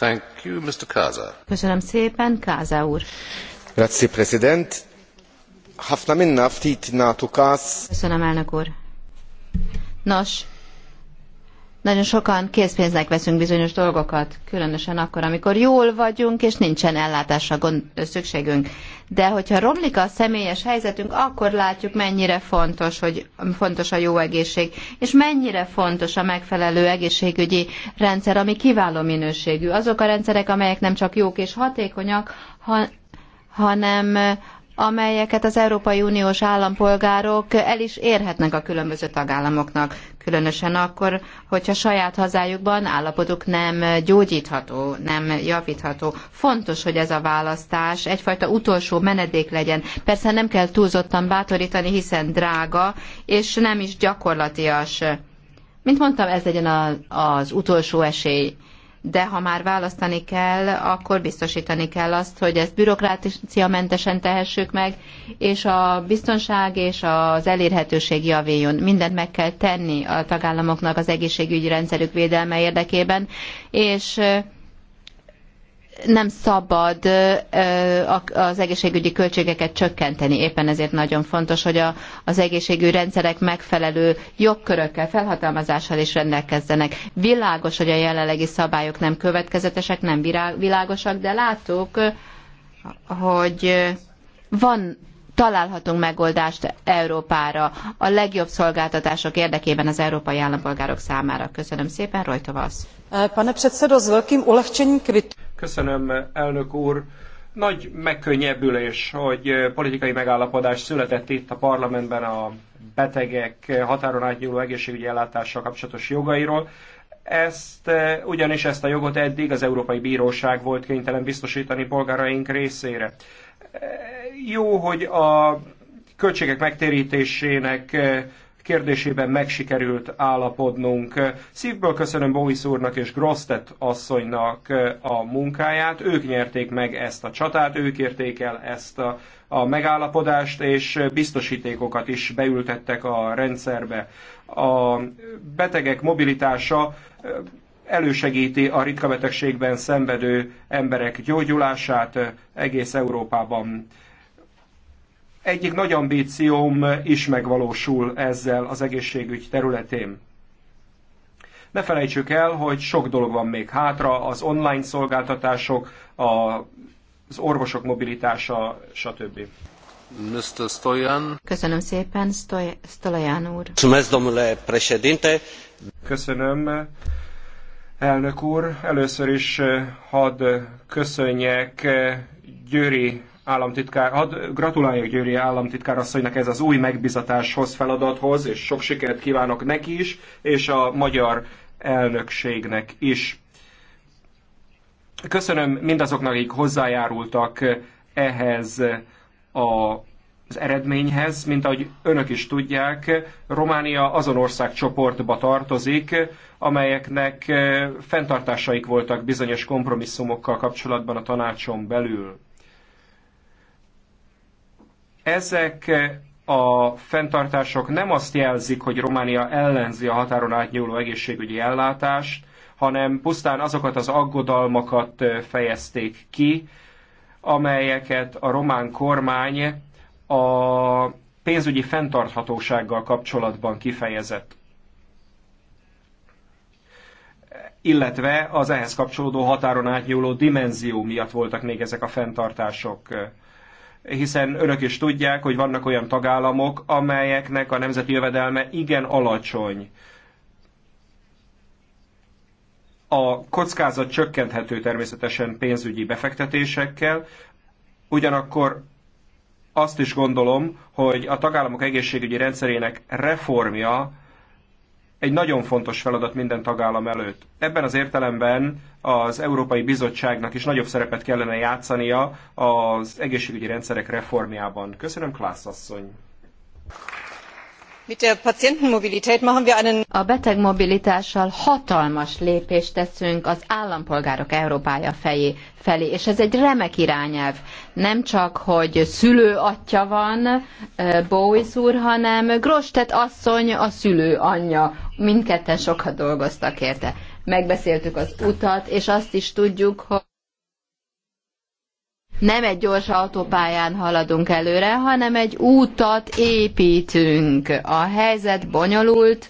Thank you, Mr. Kaza. Köszönöm szépen, Káza úr. Grazie, President. Hafna minna ftit nátukás. Köszönöm, elnök úr. Nos, nagyon sokan készpénznek veszünk bizonyos dolgokat, különösen akkor, amikor jól vagyunk, és nincsen ellátásra gond, szükségünk. De hogyha romlik a személyes helyzetünk, akkor látjuk, mennyire fontos, hogy fontos a jó egészség, és mennyire fontos a megfelelő egészségügyi rendszer, ami kiváló minőségű. Azok a rendszerek, amelyek nem csak jók és hatékonyak, ha, hanem amelyeket az Európai Uniós állampolgárok el is érhetnek a különböző tagállamoknak, különösen akkor, hogyha saját hazájukban állapotuk nem gyógyítható, nem javítható. Fontos, hogy ez a választás egyfajta utolsó menedék legyen. Persze nem kell túlzottan bátorítani, hiszen drága, és nem is gyakorlatias. Mint mondtam, ez legyen az utolsó esély de ha már választani kell, akkor biztosítani kell azt, hogy ezt bürokráciamentesen tehessük meg, és a biztonság és az elérhetőség javuljon. Mindent meg kell tenni a tagállamoknak az egészségügyi rendszerük védelme érdekében, és nem szabad az egészségügyi költségeket csökkenteni. Éppen ezért nagyon fontos, hogy a, az egészségügyi rendszerek megfelelő jogkörökkel, felhatalmazással is rendelkezzenek. Világos, hogy a jelenlegi szabályok nem következetesek, nem világosak, de láttuk, hogy van találhatunk megoldást Európára a legjobb szolgáltatások érdekében az európai állampolgárok számára. Köszönöm szépen, Rojtovasz. Pane předsedo, s velkým ulehčením kvitu. Köszönöm, elnök úr. Nagy megkönnyebbülés, hogy eh, politikai megállapodás született itt a parlamentben a betegek határon átnyúló egészségügyi ellátással kapcsolatos jogairól. Ezt, eh, ugyanis ezt a jogot eddig az Európai Bíróság volt kénytelen biztosítani polgáraink részére. Eh, jó, hogy a költségek megtérítésének kérdésében megsikerült állapodnunk. Szívből köszönöm Bóis úrnak és Grosztet asszonynak eh, a munkáját. Ők nyerték meg ezt a csatát, ők érték el ezt a, a megállapodást, és biztosítékokat is beültettek a rendszerbe. A betegek mobilitása eh, elősegíti a ritka betegségben szenvedő emberek gyógyulását eh, egész Európában egyik nagy ambícióm is megvalósul ezzel az egészségügy területén. Ne felejtsük el, hogy sok dolog van még hátra, az online szolgáltatások, az orvosok mobilitása, stb. Mr. Stoyan. Köszönöm szépen, Stoy- Stolajan úr. Köszönöm, elnök úr. Először is eh, hadd köszönjek eh, Győri államtitkár, hadd gratuláljak Győri államtitkár asszonynak ez az új megbizatáshoz, feladathoz, és sok sikert kívánok neki is, és a magyar elnökségnek is. Köszönöm mindazoknak, akik hozzájárultak ehhez a az eredményhez, mint ahogy önök is tudják, Románia azon országcsoportba tartozik, amelyeknek fenntartásaik voltak bizonyos kompromisszumokkal kapcsolatban a tanácson belül. Ezek a fenntartások nem azt jelzik, hogy Románia ellenzi a határon átnyúló egészségügyi ellátást, hanem pusztán azokat az aggodalmakat fejezték ki, amelyeket a román kormány a pénzügyi fenntarthatósággal kapcsolatban kifejezett. Illetve az ehhez kapcsolódó határon átnyúló dimenzió miatt voltak még ezek a fenntartások hiszen önök is tudják, hogy vannak olyan tagállamok, amelyeknek a nemzeti jövedelme igen alacsony. A kockázat csökkenthető természetesen pénzügyi befektetésekkel, ugyanakkor azt is gondolom, hogy a tagállamok egészségügyi rendszerének reformja egy nagyon fontos feladat minden tagállam előtt. Ebben az értelemben az Európai Bizottságnak is nagyobb szerepet kellene játszania az egészségügyi rendszerek reformjában. Köszönöm, Klász asszony! A betegmobilitással hatalmas lépést teszünk az állampolgárok Európája felé, és ez egy remek irányelv. Nem csak, hogy szülő atya van, Bowis úr, hanem Grostet asszony a szülő anyja. Mindketten sokat dolgoztak érte. Megbeszéltük az utat, és azt is tudjuk, hogy nem egy gyors autópályán haladunk előre, hanem egy útat építünk. A helyzet bonyolult,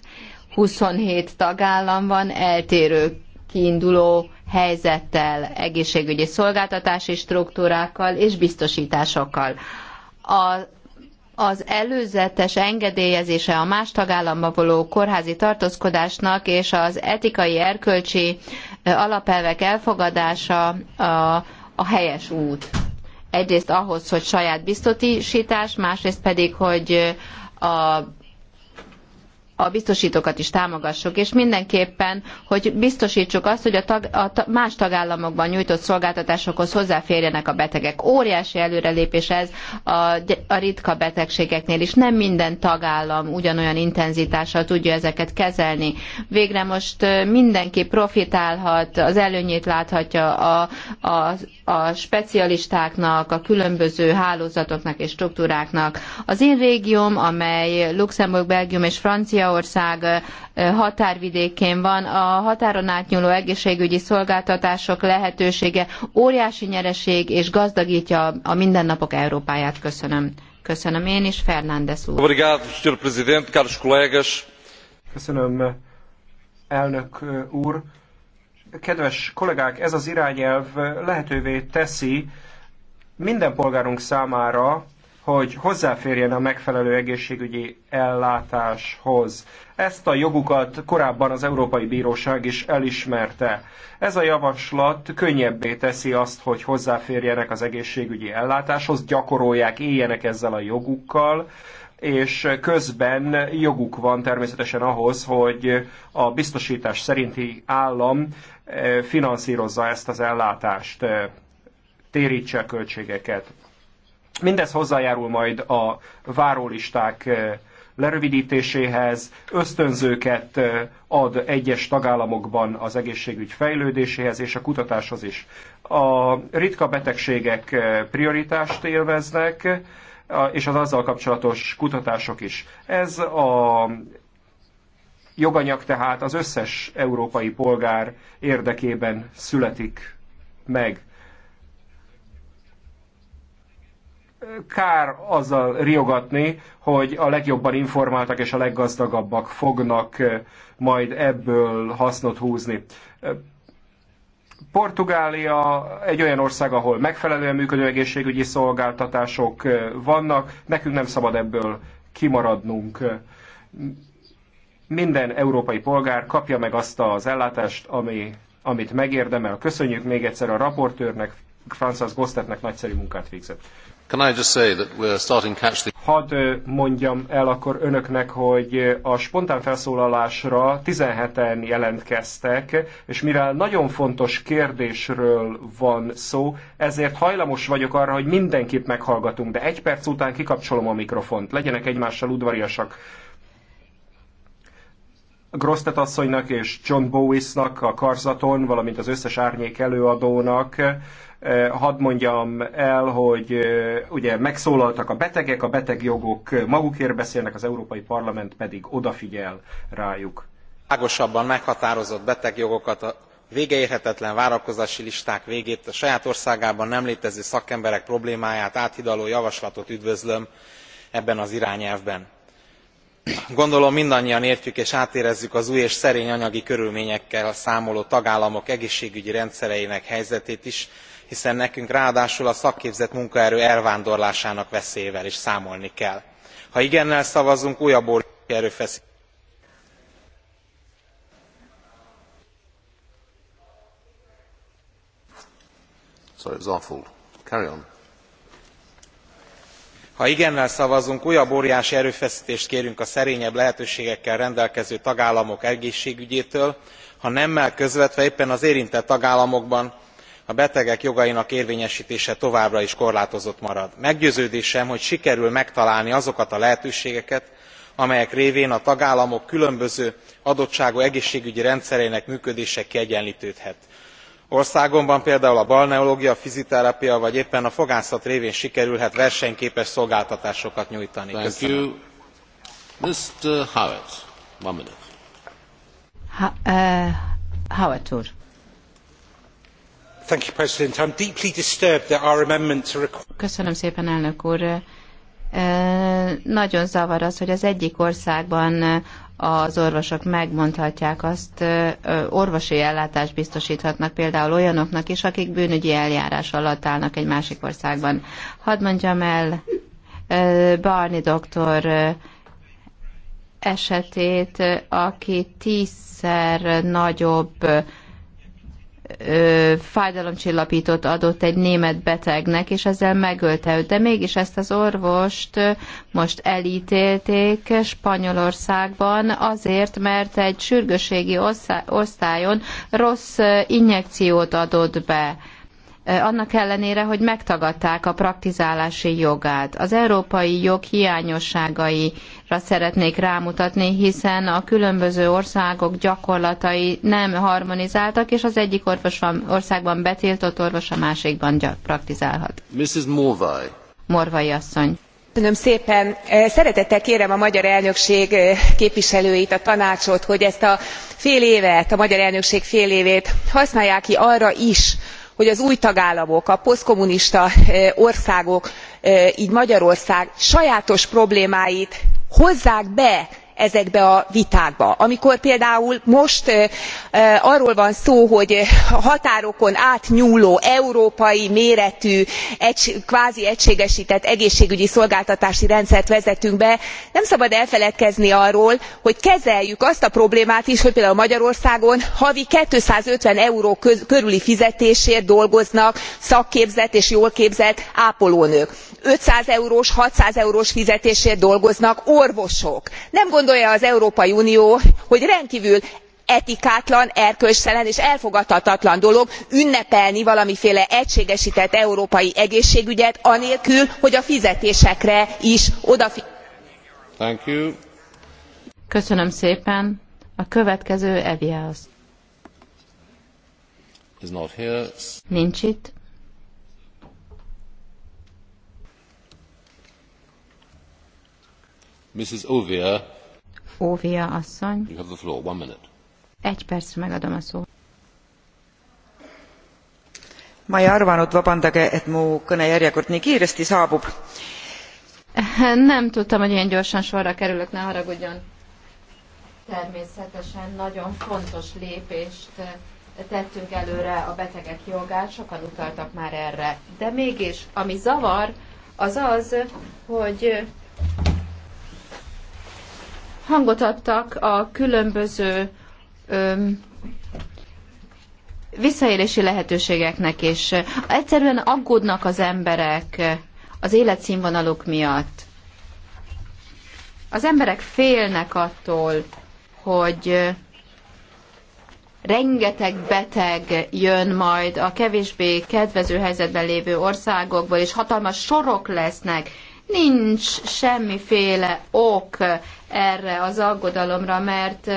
27 tagállam van, eltérő kiinduló helyzettel, egészségügyi szolgáltatási struktúrákkal és biztosításokkal. A az előzetes engedélyezése a más tagállamba való kórházi tartózkodásnak és az etikai erkölcsi alapelvek elfogadása a a helyes út. Egyrészt ahhoz, hogy saját biztosítás, másrészt pedig, hogy a a biztosítókat is támogassuk, és mindenképpen, hogy biztosítsuk azt, hogy a, tag, a más tagállamokban nyújtott szolgáltatásokhoz hozzáférjenek a betegek. Óriási előrelépés ez a, a ritka betegségeknél is. Nem minden tagállam ugyanolyan intenzitással tudja ezeket kezelni. Végre most mindenki profitálhat, az előnyét láthatja a, a, a specialistáknak, a különböző hálózatoknak és struktúráknak. Az én régióm, amely Luxemburg, Belgium és Francia, Magyarország határvidékén van, a határon átnyúló egészségügyi szolgáltatások lehetősége óriási nyereség és gazdagítja a mindennapok Európáját. Köszönöm. Köszönöm én is, Fernández úr. Köszönöm, elnök úr. Kedves kollégák, ez az irányelv lehetővé teszi minden polgárunk számára, hogy hozzáférjen a megfelelő egészségügyi ellátáshoz. Ezt a jogukat korábban az Európai Bíróság is elismerte. Ez a javaslat könnyebbé teszi azt, hogy hozzáférjenek az egészségügyi ellátáshoz, gyakorolják, éljenek ezzel a jogukkal, és közben joguk van természetesen ahhoz, hogy a biztosítás szerinti állam eh, finanszírozza ezt az ellátást, eh, térítse a költségeket. Mindez hozzájárul majd a várólisták eh, lerövidítéséhez, ösztönzőket eh, ad egyes tagállamokban az egészségügy fejlődéséhez és a kutatáshoz is. A ritka betegségek eh, prioritást élveznek, és az azzal kapcsolatos kutatások is. Ez a joganyag tehát az összes európai polgár érdekében születik meg. kár azzal riogatni, hogy a legjobban informáltak és a leggazdagabbak fognak majd ebből hasznot húzni. Portugália egy olyan ország, ahol megfelelően működő egészségügyi szolgáltatások vannak, nekünk nem szabad ebből kimaradnunk. Minden európai polgár kapja meg azt az ellátást, ami, amit megérdemel. Köszönjük még egyszer a raportőrnek, Francis Gostetnek nagyszerű munkát végzett. Hadd mondjam el akkor önöknek, hogy a spontán felszólalásra 17-en jelentkeztek, és mivel nagyon fontos kérdésről van szó, ezért hajlamos vagyok arra, hogy mindenkit meghallgatunk, de egy perc után kikapcsolom a mikrofont. Legyenek egymással udvariasak. Grosztet asszonynak és John Bowisnak a karzaton, valamint az összes árnyék előadónak Eh, hadd mondjam el, hogy eh, ugye megszólaltak a betegek, a betegjogok magukért beszélnek, az Európai Parlament pedig odafigyel rájuk. Ágosabban meghatározott betegjogokat a végeérhetetlen várakozási listák végét a saját országában nem létező szakemberek problémáját áthidaló javaslatot üdvözlöm ebben az irányelvben. gondolom mindannyian értjük és átérezzük az új és szerény anyagi körülményekkel számoló tagállamok egészségügyi rendszereinek helyzetét is hiszen nekünk ráadásul a szakképzett munkaerő elvándorlásának veszélyével is számolni kell. ha igennel szavazunk újabb óriási erőfesztést ha igennel szavazunk újabb óriási erőfesztést kérünk a szerényebb lehetőségekkel rendelkező tagállamok egészségügyétől ha nemmel közvetve éppen az érintett tagállamokban a betegek jogainak érvényestése továbbra is korlátozott marad. meggyőződésem hogy sikerül megtalálni azokat a lehetőségeket amelyek révén a tagállamok különböző adottságú egészségügyi rendszereinek működése kiegyenltődhet. országomban például a balneológia a fizioterápia vagy éppen a fogászat révén sikerülhet versenyképes szolgáltatásokat nyújtani. Eh, úr. Köszönöm szépen, elnök úr. Nagyon zavar az, hogy az egyik országban az orvosok megmondhatják azt, orvosi ellátást biztosíthatnak például olyanoknak is, akik bűnügyi eljárás alatt állnak egy másik országban. Hadd mondjam el, Barni doktor esetét, aki tízszer nagyobb fájdalomcsillapítót adott egy német betegnek, és ezzel megölte őt. De mégis ezt az orvost most elítélték Spanyolországban azért, mert egy sürgőségi osztályon rossz injekciót adott be annak ellenére, hogy megtagadták a praktizálási jogát. Az európai jog hiányosságaira szeretnék rámutatni, hiszen a különböző országok gyakorlatai nem harmonizáltak, és az egyik orvos van, országban betiltott orvos, a másikban praktizálhat. Mrs. Morvai. Morvai asszony. Köszönöm szépen. szeretettel kérem a magyar elnökség képviselőit a tanácsot hogy ezt a fél évet a magyar elnökség fél évét használják ki arra is hogy az új tagállamok a posztkommunista eh, országok eh, gy magyarország sajátos problémáit hozzák be ezekbe a vitákba amikor például most arról van szó hogy határokon átnyúló európai méretű kvázi egységestett egészségügyi szolgáltatási rendszert vezetünk be nem szabad elfeledkezni arról hogy kezeljük azt a problémát is hogy például magyarországon havi two hundred and fifty euró körüli fizetésért dolgoznak szakképzett és jól képzett ápolónők five hundred eurós six hundred eurós fizetésért dolgoznak orvosok. nem gondolja az európai unió hogy rendkvül etikátlan erkölcstelen és elfogadhatatlan dolog ünnepelni valamiféle egységestett európai egészségügyet anélkül hogy a fizetésekre is odafigyelnénk? A következő Nincs itt. Mrs. Ovia. Ovia asszony. You have the floor. One minute. Egy percre megadom a szót. Ma ei arvanud, vabandage, et mu kõne järjekord nii kiiresti saabub. Nem tudtam, hogy ilyen gyorsan sorra kerülök, ne haragudjon. Természetesen nagyon fontos lépést eh, tettünk előre a betegek jogát, sokan utaltak már erre. De mégis, ami zavar, az az, hogy hangot adtak a különböző öm, visszaélési lehetőségeknek, és egyszerűen aggódnak az emberek az életszínvonaluk miatt. Az emberek félnek attól, hogy rengeteg beteg jön majd a kevésbé kedvező helyzetben lévő országokból, és hatalmas sorok lesznek, Nincs semmiféle ok erre az aggodalomra, mert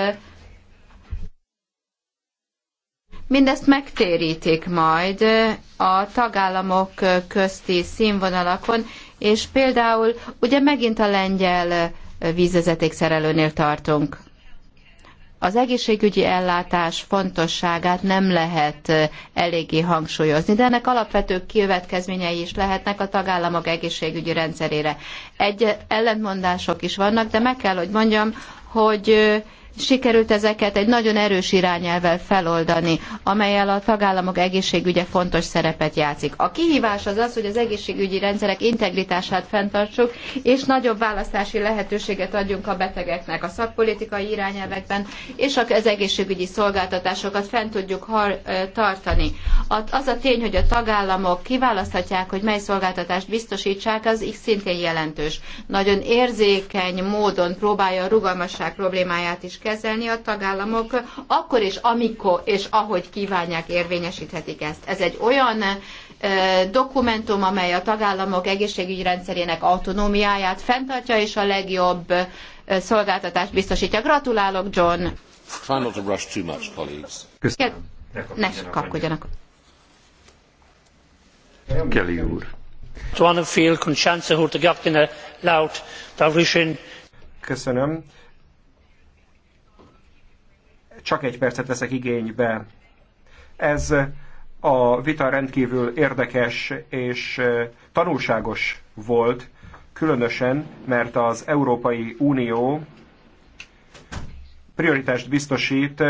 Mindezt megtérítik majd a tagállamok közti színvonalakon, és például ugye megint a lengyel szerelőnél tartunk az egészségügyi ellátás fontosságát nem lehet eléggé hangsúlyozni, de ennek alapvető következményei is lehetnek a tagállamok egészségügyi rendszerére. Egy ellentmondások is vannak, de meg kell, hogy mondjam, hogy sikerült ezeket egy nagyon erős irányelvel feloldani, amelyel a tagállamok egészségügye fontos szerepet játszik. A kihívás az az, hogy az egészségügyi rendszerek integritását fenntartsuk, és nagyobb választási lehetőséget adjunk a betegeknek a szakpolitikai irányelvekben, és az egészségügyi szolgáltatásokat fent tudjuk har- tartani. Az a tény, hogy a tagállamok kiválaszthatják, hogy mely szolgáltatást biztosítsák, az így szintén jelentős. Nagyon érzékeny módon próbálja a rugalmasság problémáját is kezelni a tagállamok, akkor és amikor és ahogy kívánják érvényesíthetik ezt. Ez egy olyan dokumentum, amely a tagállamok egészségügyi rendszerének autonómiáját fenntartja, és a legjobb szolgáltatást biztosítja. Gratulálok, John! Try not to rush too much, colleagues. Köszönöm. Ne kapkodjanak. Kelly úr. Köszönöm. Csak egy percet veszek igénybe. Ez a vita rendkívül érdekes és tanulságos volt, különösen, mert az Európai Unió prioritást biztosít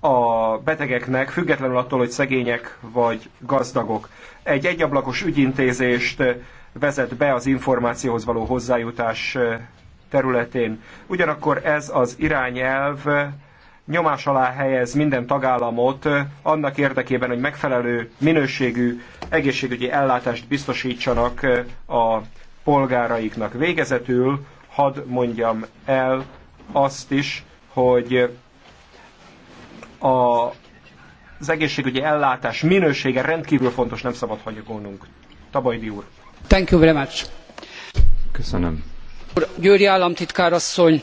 a betegeknek, függetlenül attól, hogy szegények vagy gazdagok. Egy egyablakos ügyintézést vezet be az információhoz való hozzájutás területén. Ugyanakkor ez az irányelv nyomás alá helyez minden tagállamot eh, annak érdekében, hogy megfelelő minőségű egészségügyi ellátást biztosítsanak eh, a polgáraiknak. Végezetül hadd mondjam el azt is, hogy a, az egészségügyi ellátás minősége rendkívül fontos, nem szabad hagyagolnunk. Tabajdi úr. Thank you very much. Köszönöm. Győri államtitkár asszony,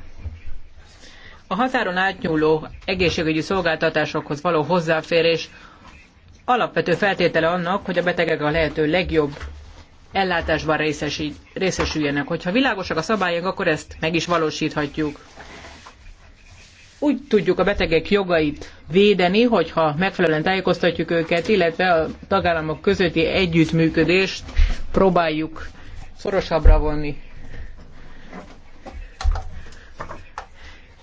a határon átnyúló egészségügyi szolgáltatásokhoz való hozzáférés alapvető feltétele annak, hogy a betegek a lehető legjobb ellátásban részesüljenek. Hogyha világosak a szabályok, akkor ezt meg is valósíthatjuk. Úgy tudjuk a betegek jogait védeni, hogyha megfelelően tájékoztatjuk őket, illetve a tagállamok közötti együttműködést próbáljuk szorosabbra vonni.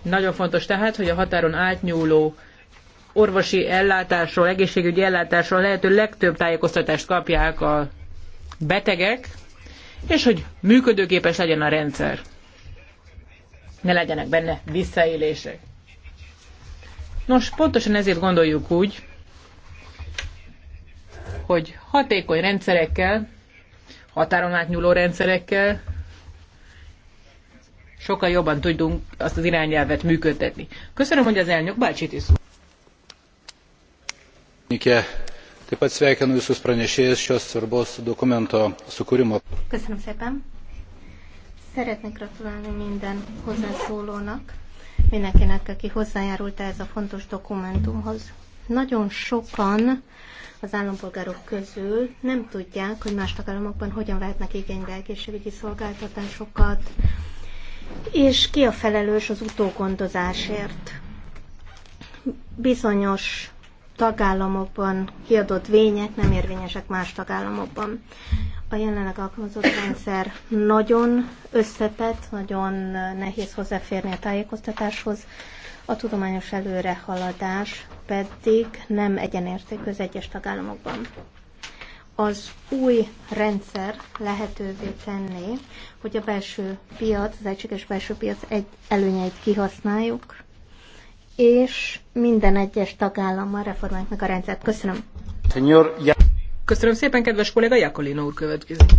Nagyon fontos tehát, hogy a határon átnyúló orvosi ellátásról, egészségügyi ellátásról lehető legtöbb tájékoztatást kapják a betegek, és hogy működőképes legyen a rendszer. Ne legyenek benne visszaélések. Nos, pontosan ezért gondoljuk úgy, hogy hatékony rendszerekkel, határon átnyúló rendszerekkel sokkal jobban tudunk azt az irányelvet működtetni. Köszönöm, hogy az elnök bácsit is Köszönöm szépen. Szeretnék gratulálni minden hozzászólónak, mindenkinek, aki hozzájárult ez a fontos dokumentumhoz. Nagyon sokan az állampolgárok közül nem tudják, hogy más tagállamokban hogyan vehetnek igénybe egészségügyi szolgáltatásokat, és ki a felelős az utógondozásért. Bizonyos tagállamokban kiadott vények nem érvényesek más tagállamokban. A jelenleg alkalmazott rendszer nagyon összetett, nagyon nehéz hozzáférni a tájékoztatáshoz, a tudományos előrehaladás pedig nem egyenértékű az egyes tagállamokban az új rendszer lehetővé tenné, hogy a belső piac, az egységes belső piac egy előnyeit kihasználjuk, és minden egyes tagállammal reformáljuk meg a rendszert. Köszönöm. Senyor, ja. Köszönöm szépen, kedves kolléga, Jakolino úr következik.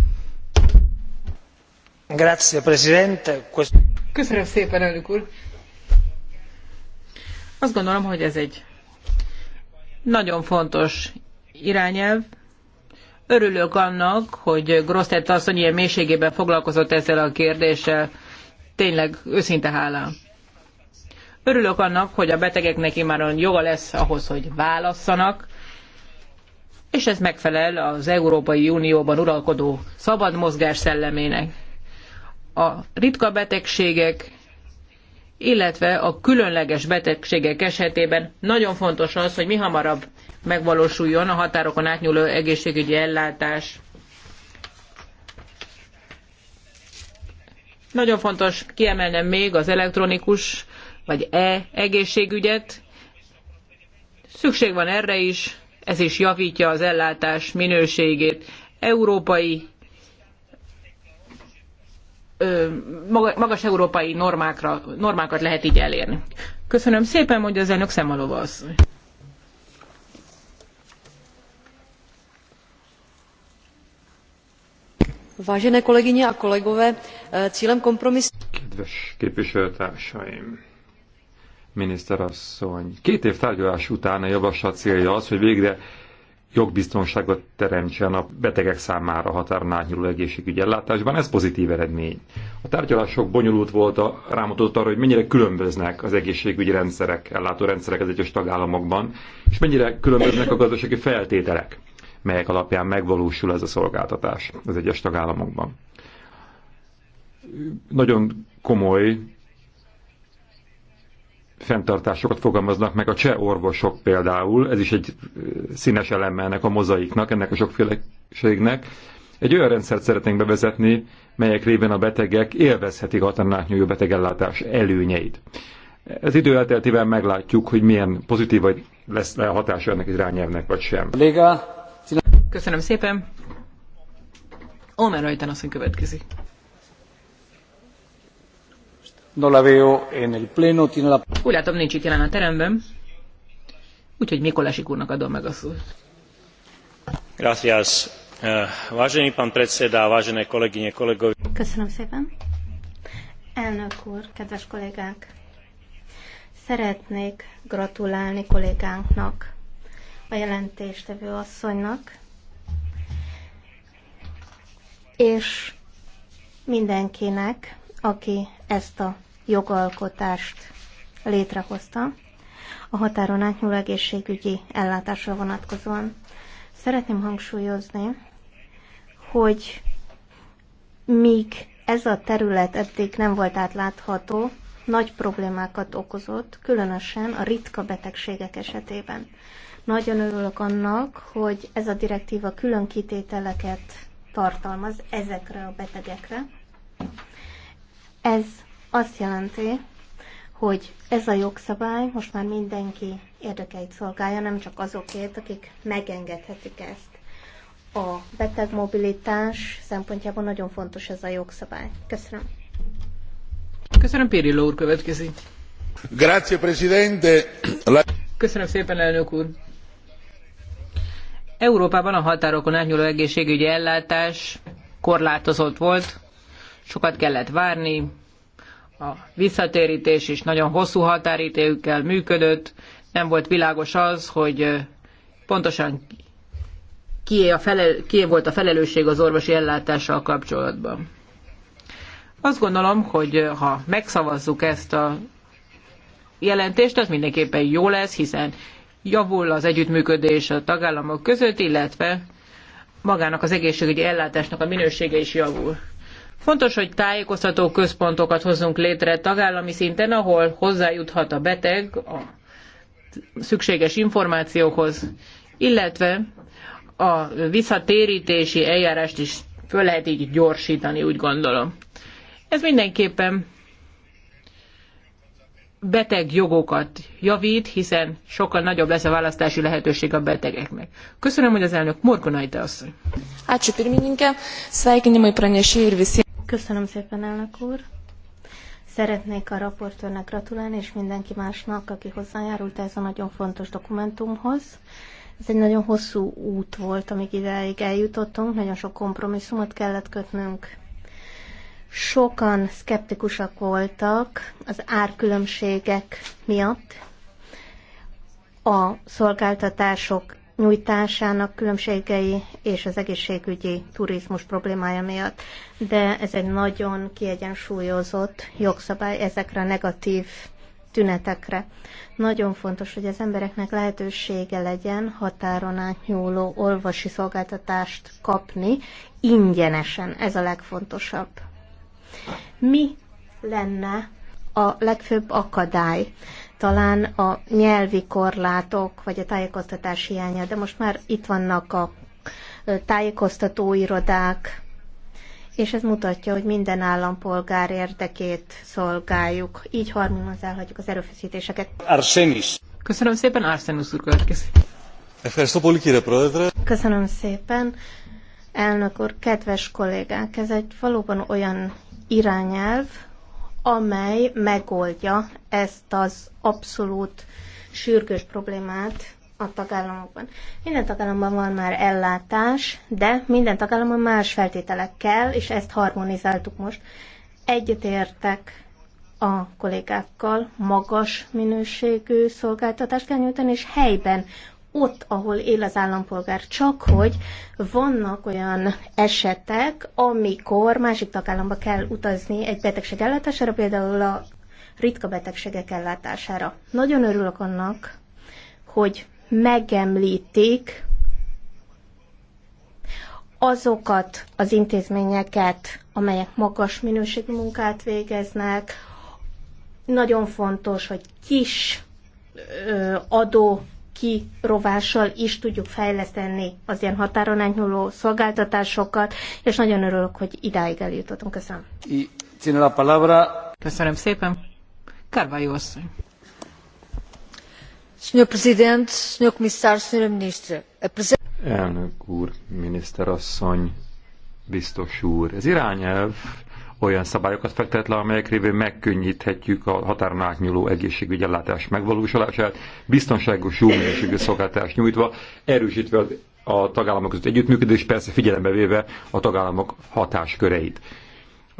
Grazie, Presidente. Köszönöm szépen, elnök úr. Azt gondolom, hogy ez egy nagyon fontos irányelv, Örülök annak, hogy Grosztett asszony ilyen mélységében foglalkozott ezzel a kérdéssel. Tényleg őszinte hálám. Örülök annak, hogy a betegeknek imáron joga lesz ahhoz, hogy válasszanak, és ez megfelel az Európai Unióban uralkodó szabad mozgás szellemének. A ritka betegségek illetve a különleges betegségek esetében nagyon fontos az, hogy mi hamarabb megvalósuljon a határokon átnyúló egészségügyi ellátás. Nagyon fontos kiemelnem még az elektronikus vagy e-egészségügyet. Szükség van erre is, ez is javítja az ellátás minőségét. Európai magas európai normákra, normákat lehet így elérni. Köszönöm szépen, mondja az elnök Szemalova asszony. Vážené kolegyně a kolegové, e, cílem kompromisu... Kedves képviselőtársaim, miniszterasszony, két év tárgyalás után a javaslat célja az, hogy végre jogbiztonságot teremtsen a betegek számára határon átnyúló egészségügyi ellátásban. Ez pozitív eredmény. A tárgyalások bonyolult volt, a, rámutatott arra, hogy mennyire különböznek az egészségügyi rendszerek, ellátórendszerek az egyes tagállamokban, és mennyire különböznek a gazdasági feltételek, melyek alapján megvalósul ez a szolgáltatás az egyes tagállamokban. Nagyon komoly fenntartásokat fogalmaznak meg a cseh orvosok például, ez is egy színes eleme ennek a mozaiknak, ennek a sokféleségnek. Egy olyan rendszert szeretnénk bevezetni, melyek révén a betegek élvezhetik a tanátnyújó betegellátás előnyeit. Ez idő elteltével meglátjuk, hogy milyen pozitív vagy lesz le a hatása ennek egy rányelvnek, vagy sem. Köszönöm szépen. Omer Rajtán azt következik. Úgy látom, nincs itt jelen a teremben, úgyhogy Mikolásik úrnak adom meg a szót. Gracias. Eh, vážený pán predseda, vážené kolegyne, kolegovi. Köszönöm szépen. Elnök úr, kedves kollégák! Szeretnék gratulálni kollégánknak, a jelentéstevő asszonynak, és mindenkinek, aki ezt a jogalkotást létrehozta a határon átnyúló egészségügyi ellátásra vonatkozóan. Szeretném hangsúlyozni, hogy míg ez a terület eddig nem volt átlátható, nagy problémákat okozott, különösen a ritka betegségek esetében. Nagyon örülök annak, hogy ez a direktíva külön kitételeket tartalmaz ezekre a betegekre, ez azt jelenti, hogy ez a jogszabály most már mindenki érdekeit szolgálja, nem csak azokért, akik megengedhetik ezt. A betegmobilitás szempontjából nagyon fontos ez a jogszabály. Köszönöm. Köszönöm, Péri úr következik. Grazie, Presidente. La... Köszönöm szépen, elnök úr. Európában a határokon átnyúló egészségügyi ellátás korlátozott volt, sokat kellett várni, a visszatérítés is nagyon hosszú határidőkkel működött, nem volt világos az, hogy pontosan kié, felel, kié volt a felelősség az orvosi ellátással kapcsolatban. Azt gondolom, hogy ha megszavazzuk ezt a jelentést, az mindenképpen jó lesz, hiszen javul az együttműködés a tagállamok között, illetve magának az egészségügyi ellátásnak a minősége is javul. Fontos, hogy tájékoztató központokat hozzunk létre tagállami szinten, ahol hozzájuthat a beteg a szükséges információkhoz, illetve a visszatérítési eljárást is föl lehet így gyorsítani, úgy gondolom. Ez mindenképpen beteg jogokat javít, hiszen sokkal nagyobb lesz a választási lehetőség a betegeknek. Köszönöm, hogy az elnök Morgonaite asszony. Ačiū pirmininkė, sveikinimai pranešėjai ir Köszönöm szépen, elnök úr. Szeretnék a raportőrnek gratulálni, és mindenki másnak, aki hozzájárult ez a nagyon fontos dokumentumhoz. Ez egy nagyon hosszú út volt, amíg ideig eljutottunk, nagyon sok kompromisszumot kellett kötnünk. Sokan szkeptikusak voltak az árkülönbségek miatt, a szolgáltatások nyújtásának különbségei és az egészségügyi turizmus problémája miatt, de ez egy nagyon kiegyensúlyozott jogszabály ezekre a negatív tünetekre. Nagyon fontos, hogy az embereknek lehetősége legyen határon átnyúló orvosi szolgáltatást kapni ingyenesen. Ez a legfontosabb. Mi lenne a legfőbb akadály? talán a nyelvi korlátok, vagy a tájékoztatás hiánya, de most már itt vannak a irodák és ez mutatja, hogy minden állampolgár érdekét szolgáljuk. Így harmonizálhatjuk az erőfeszítéseket. Arsenis. Köszönöm szépen, Arsenis úr következik. Köszönöm szépen, elnök úr, kedves kollégák! Ez egy valóban olyan irányelv, amely megoldja ezt az abszolút sürgős problémát a tagállamokban. Minden tagállamban van már ellátás, de minden tagállamban más feltételekkel, és ezt harmonizáltuk most. Egyetértek a kollégákkal magas minőségű szolgáltatást kell nyújtani, és helyben ott, ahol él az állampolgár, csak hogy vannak olyan esetek, amikor másik tagállamba kell utazni egy betegség ellátására, például a ritka betegségek ellátására. Nagyon örülök annak, hogy megemlítik azokat az intézményeket, amelyek magas minőségű munkát végeznek. Nagyon fontos, hogy kis adó kirovással is tudjuk fejleszteni az ilyen határon átnyúló szolgáltatásokat, és nagyon örülök, hogy idáig eljutottunk. Köszönöm. Köszönöm szépen. Carvalho asszony. Presidente, Senhor Comissário, Senhora Ministra, a Elnök úr, miniszterasszony, biztos úr, ez irányelv olyan szabályokat fektet le, amelyek révén megkönnyíthetjük a határon átnyúló egészségügyi ellátás megvalósulását, biztonságos, jó minőségű szolgáltást nyújtva, erősítve a tagállamok között együttműködés, persze figyelembe véve a tagállamok hatásköreit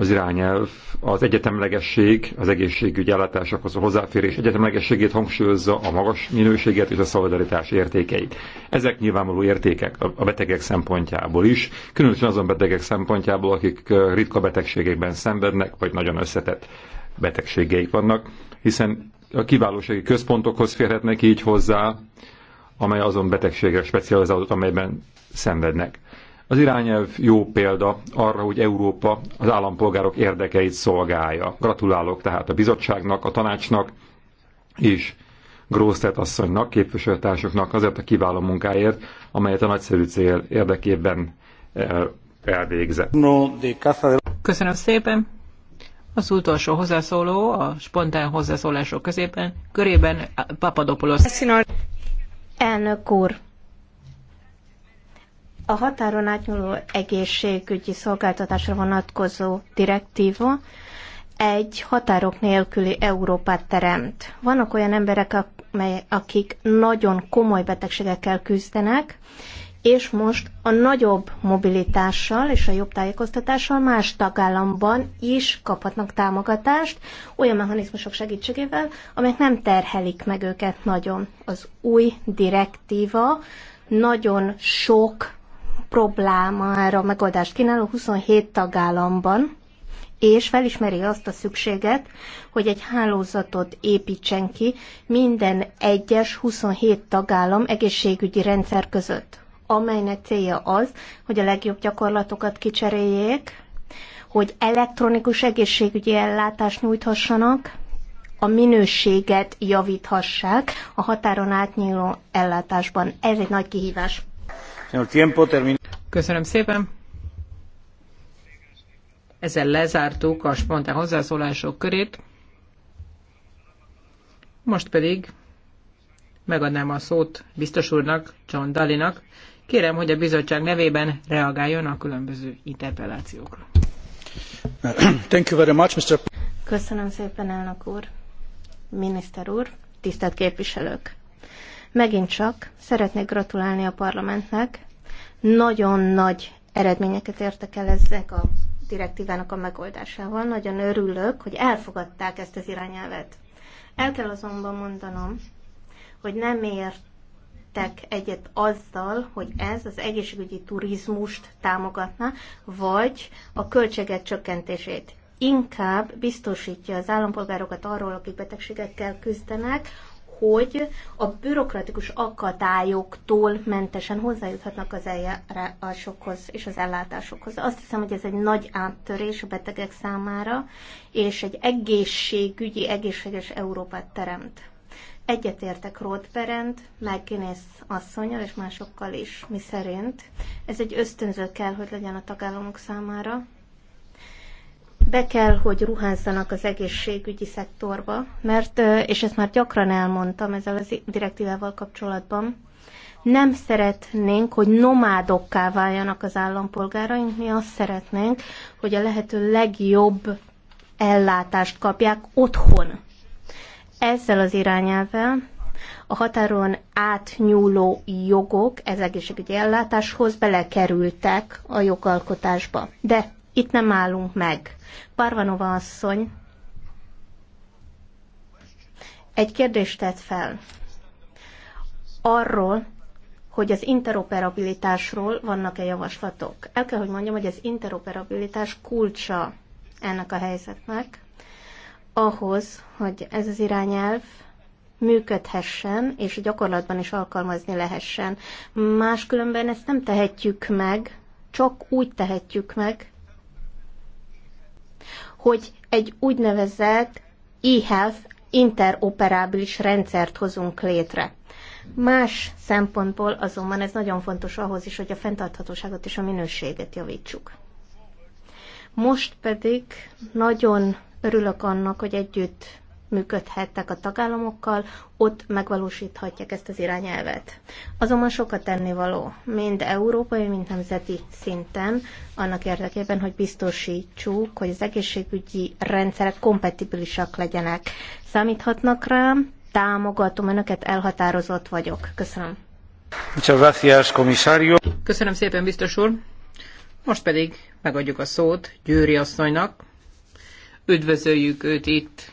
az irányelv az egyetemlegesség, az egészségügyi ellátásokhoz a hozzáférés egyetemlegességét hangsúlyozza a magas minőséget és a szolidaritás értékeit. Ezek nyilvánvaló értékek a betegek szempontjából is, különösen azon betegek szempontjából, akik ritka betegségekben szenvednek, vagy nagyon összetett betegségeik vannak, hiszen a kiválósági központokhoz férhetnek így hozzá, amely azon betegségre specializálódott, amelyben szenvednek. Az irányelv jó példa arra, hogy Európa az állampolgárok érdekeit szolgálja. Gratulálok tehát a bizottságnak, a tanácsnak és Grósztet asszonynak, képviselőtársoknak azért a kiváló munkáért, amelyet a nagyszerű cél érdekében elvégzett. Köszönöm szépen! Az utolsó hozzászóló a spontán hozzászólások közében, körében Papadopoulos. Elnök úr, a határon átnyúló egészségügyi szolgáltatásra vonatkozó direktíva egy határok nélküli Európát teremt. Vannak olyan emberek, akik nagyon komoly betegségekkel küzdenek, és most a nagyobb mobilitással és a jobb tájékoztatással más tagállamban is kaphatnak támogatást, olyan mechanizmusok segítségével, amelyek nem terhelik meg őket nagyon. Az új direktíva nagyon sok problémára megoldást kínáló 27 tagállamban, és felismeri azt a szükséget, hogy egy hálózatot építsen ki minden egyes 27 tagállam egészségügyi rendszer között, amelynek célja az, hogy a legjobb gyakorlatokat kicseréljék, hogy elektronikus egészségügyi ellátást nyújthassanak, a minőséget javíthassák a határon átnyíló ellátásban. Ez egy nagy kihívás. Köszönöm szépen. Ezzel lezártuk a spontán hozzászólások körét. Most pedig megadnám a szót biztos úrnak, John Dalinak. Kérem, hogy a bizottság nevében reagáljon a különböző interpellációkra. Thank you very much, Mr. Köszönöm szépen, elnök úr, miniszter úr, tisztelt képviselők! Megint csak szeretnék gratulálni a parlamentnek nagyon nagy eredményeket értek el ezek a direktívának a megoldásával. Nagyon örülök, hogy elfogadták ezt az irányelvet. El kell azonban mondanom, hogy nem értek egyet azzal, hogy ez az egészségügyi turizmust támogatna, vagy a költségek csökkentését. Inkább biztosítja az állampolgárokat arról, akik betegségekkel küzdenek, hogy a bürokratikus akadályoktól mentesen hozzájuthatnak az eljárásokhoz és az ellátásokhoz. Azt hiszem, hogy ez egy nagy áttörés a betegek számára, és egy egészségügyi, egészséges Európát teremt. Egyetértek Roth Berend, McGuinness asszonyal és másokkal is, mi szerint ez egy ösztönző kell, hogy legyen a tagállamok számára, be kell, hogy ruházzanak az egészségügyi szektorba, mert, és ezt már gyakran elmondtam ezzel a direktívával kapcsolatban, nem szeretnénk, hogy nomádokká váljanak az állampolgáraink, mi azt szeretnénk, hogy a lehető legjobb ellátást kapják otthon. Ezzel az irányelvel a határon átnyúló jogok, ez egészségügyi ellátáshoz belekerültek a jogalkotásba. De itt nem állunk meg. Parvanova asszony egy kérdést tett fel arról, hogy az interoperabilitásról vannak-e javaslatok. El kell, hogy mondjam, hogy az interoperabilitás kulcsa ennek a helyzetnek, ahhoz, hogy ez az irányelv működhessen, és a gyakorlatban is alkalmazni lehessen. Máskülönben ezt nem tehetjük meg, csak úgy tehetjük meg, hogy egy úgynevezett e-health interoperábilis rendszert hozunk létre. Más szempontból azonban ez nagyon fontos ahhoz is, hogy a fenntarthatóságot és a minőséget javítsuk. Most pedig nagyon örülök annak, hogy együtt működhettek a tagállamokkal, ott megvalósíthatják ezt az irányelvet. Azonban sokat tennivaló, mind európai, mind nemzeti szinten, annak érdekében, hogy biztosítsuk, hogy az egészségügyi rendszerek kompatibilisak legyenek. Számíthatnak rám, támogatom önöket, elhatározott vagyok. Köszönöm. Köszönöm szépen, biztos úr. Most pedig megadjuk a szót Győri asszonynak. Üdvözöljük őt itt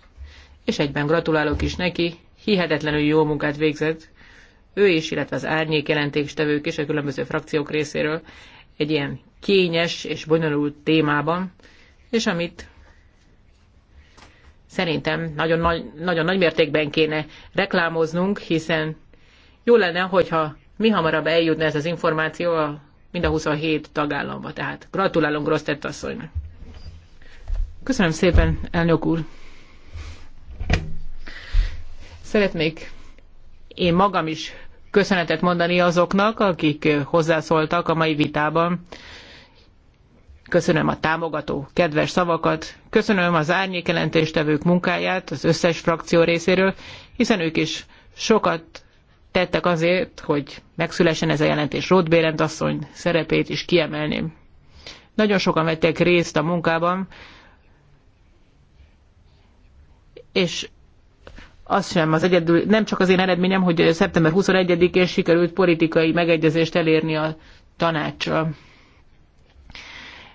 és egyben gratulálok is neki, hihetetlenül jó munkát végzett, ő is, illetve az árnyék jelentéstevők és a különböző frakciók részéről egy ilyen kényes és bonyolult témában, és amit szerintem nagyon nagy, nagyon nagy mértékben kéne reklámoznunk, hiszen jó lenne, hogyha mi hamarabb eljutna ez az információ a mind a 27 tagállamba. Tehát gratulálunk Rostett asszonynak. Köszönöm szépen, elnök úr! Szeretnék én magam is köszönetet mondani azoknak, akik hozzászóltak a mai vitában. Köszönöm a támogató kedves szavakat, köszönöm az árnyékelentéstevők munkáját az összes frakció részéről, hiszen ők is sokat tettek azért, hogy megszülessen ez a jelentés. Rót Bérend asszony szerepét is kiemelném. Nagyon sokan vettek részt a munkában, és az sem az egyedül, nem csak az én eredményem, hogy szeptember 21-én sikerült politikai megegyezést elérni a tanácsra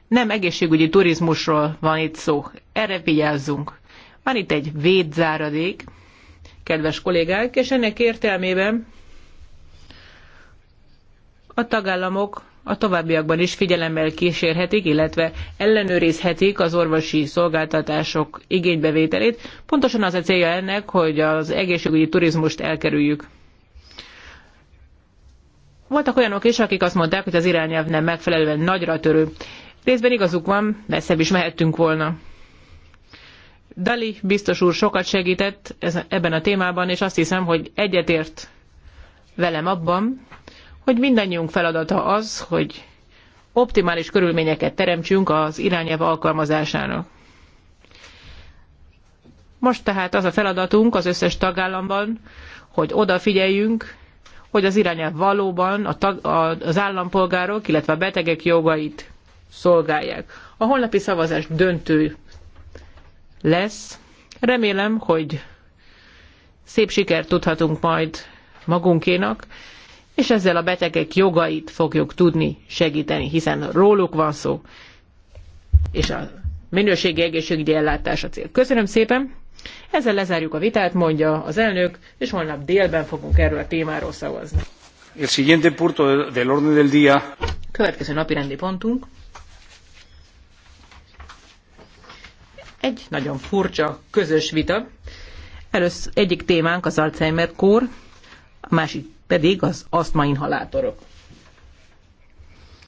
Nem egészségügyi turizmusról van itt szó. Erre vigyázzunk. Van itt egy védzáradék, kedves kollégák, és ennek értelmében a tagállamok a továbbiakban is figyelemmel kísérhetik, illetve ellenőrizhetik az orvosi szolgáltatások igénybevételét. Pontosan az a célja ennek, hogy az egészségügyi turizmust elkerüljük. Voltak olyanok is, akik azt mondták, hogy az irányelv nem megfelelően nagyra törő. Részben igazuk van, messzebb is mehettünk volna. Dali biztos úr sokat segített ebben a témában, és azt hiszem, hogy egyetért velem abban, hogy mindannyiunk feladata az, hogy optimális körülményeket teremtsünk az irányelv alkalmazásának. Most tehát az a feladatunk az összes tagállamban, hogy odafigyeljünk, hogy az irányelv valóban a tag, a, az állampolgárok, illetve a betegek jogait szolgálják. A holnapi szavazás döntő lesz. Remélem, hogy szép sikert tudhatunk majd magunkénak és ezzel a betegek jogait fogjuk tudni segíteni, hiszen róluk van szó, és a minőségi egészségügyi ellátás a cél. Köszönöm szépen! Ezzel lezárjuk a vitát, mondja az elnök, és holnap délben fogunk erről a témáról szavazni. El siguiente punto del orden del día. Következő napi rendi pontunk. Egy nagyon furcsa közös vita. Először egyik témánk az Alzheimer-kór, a másik pedig az asztmainhalátorok.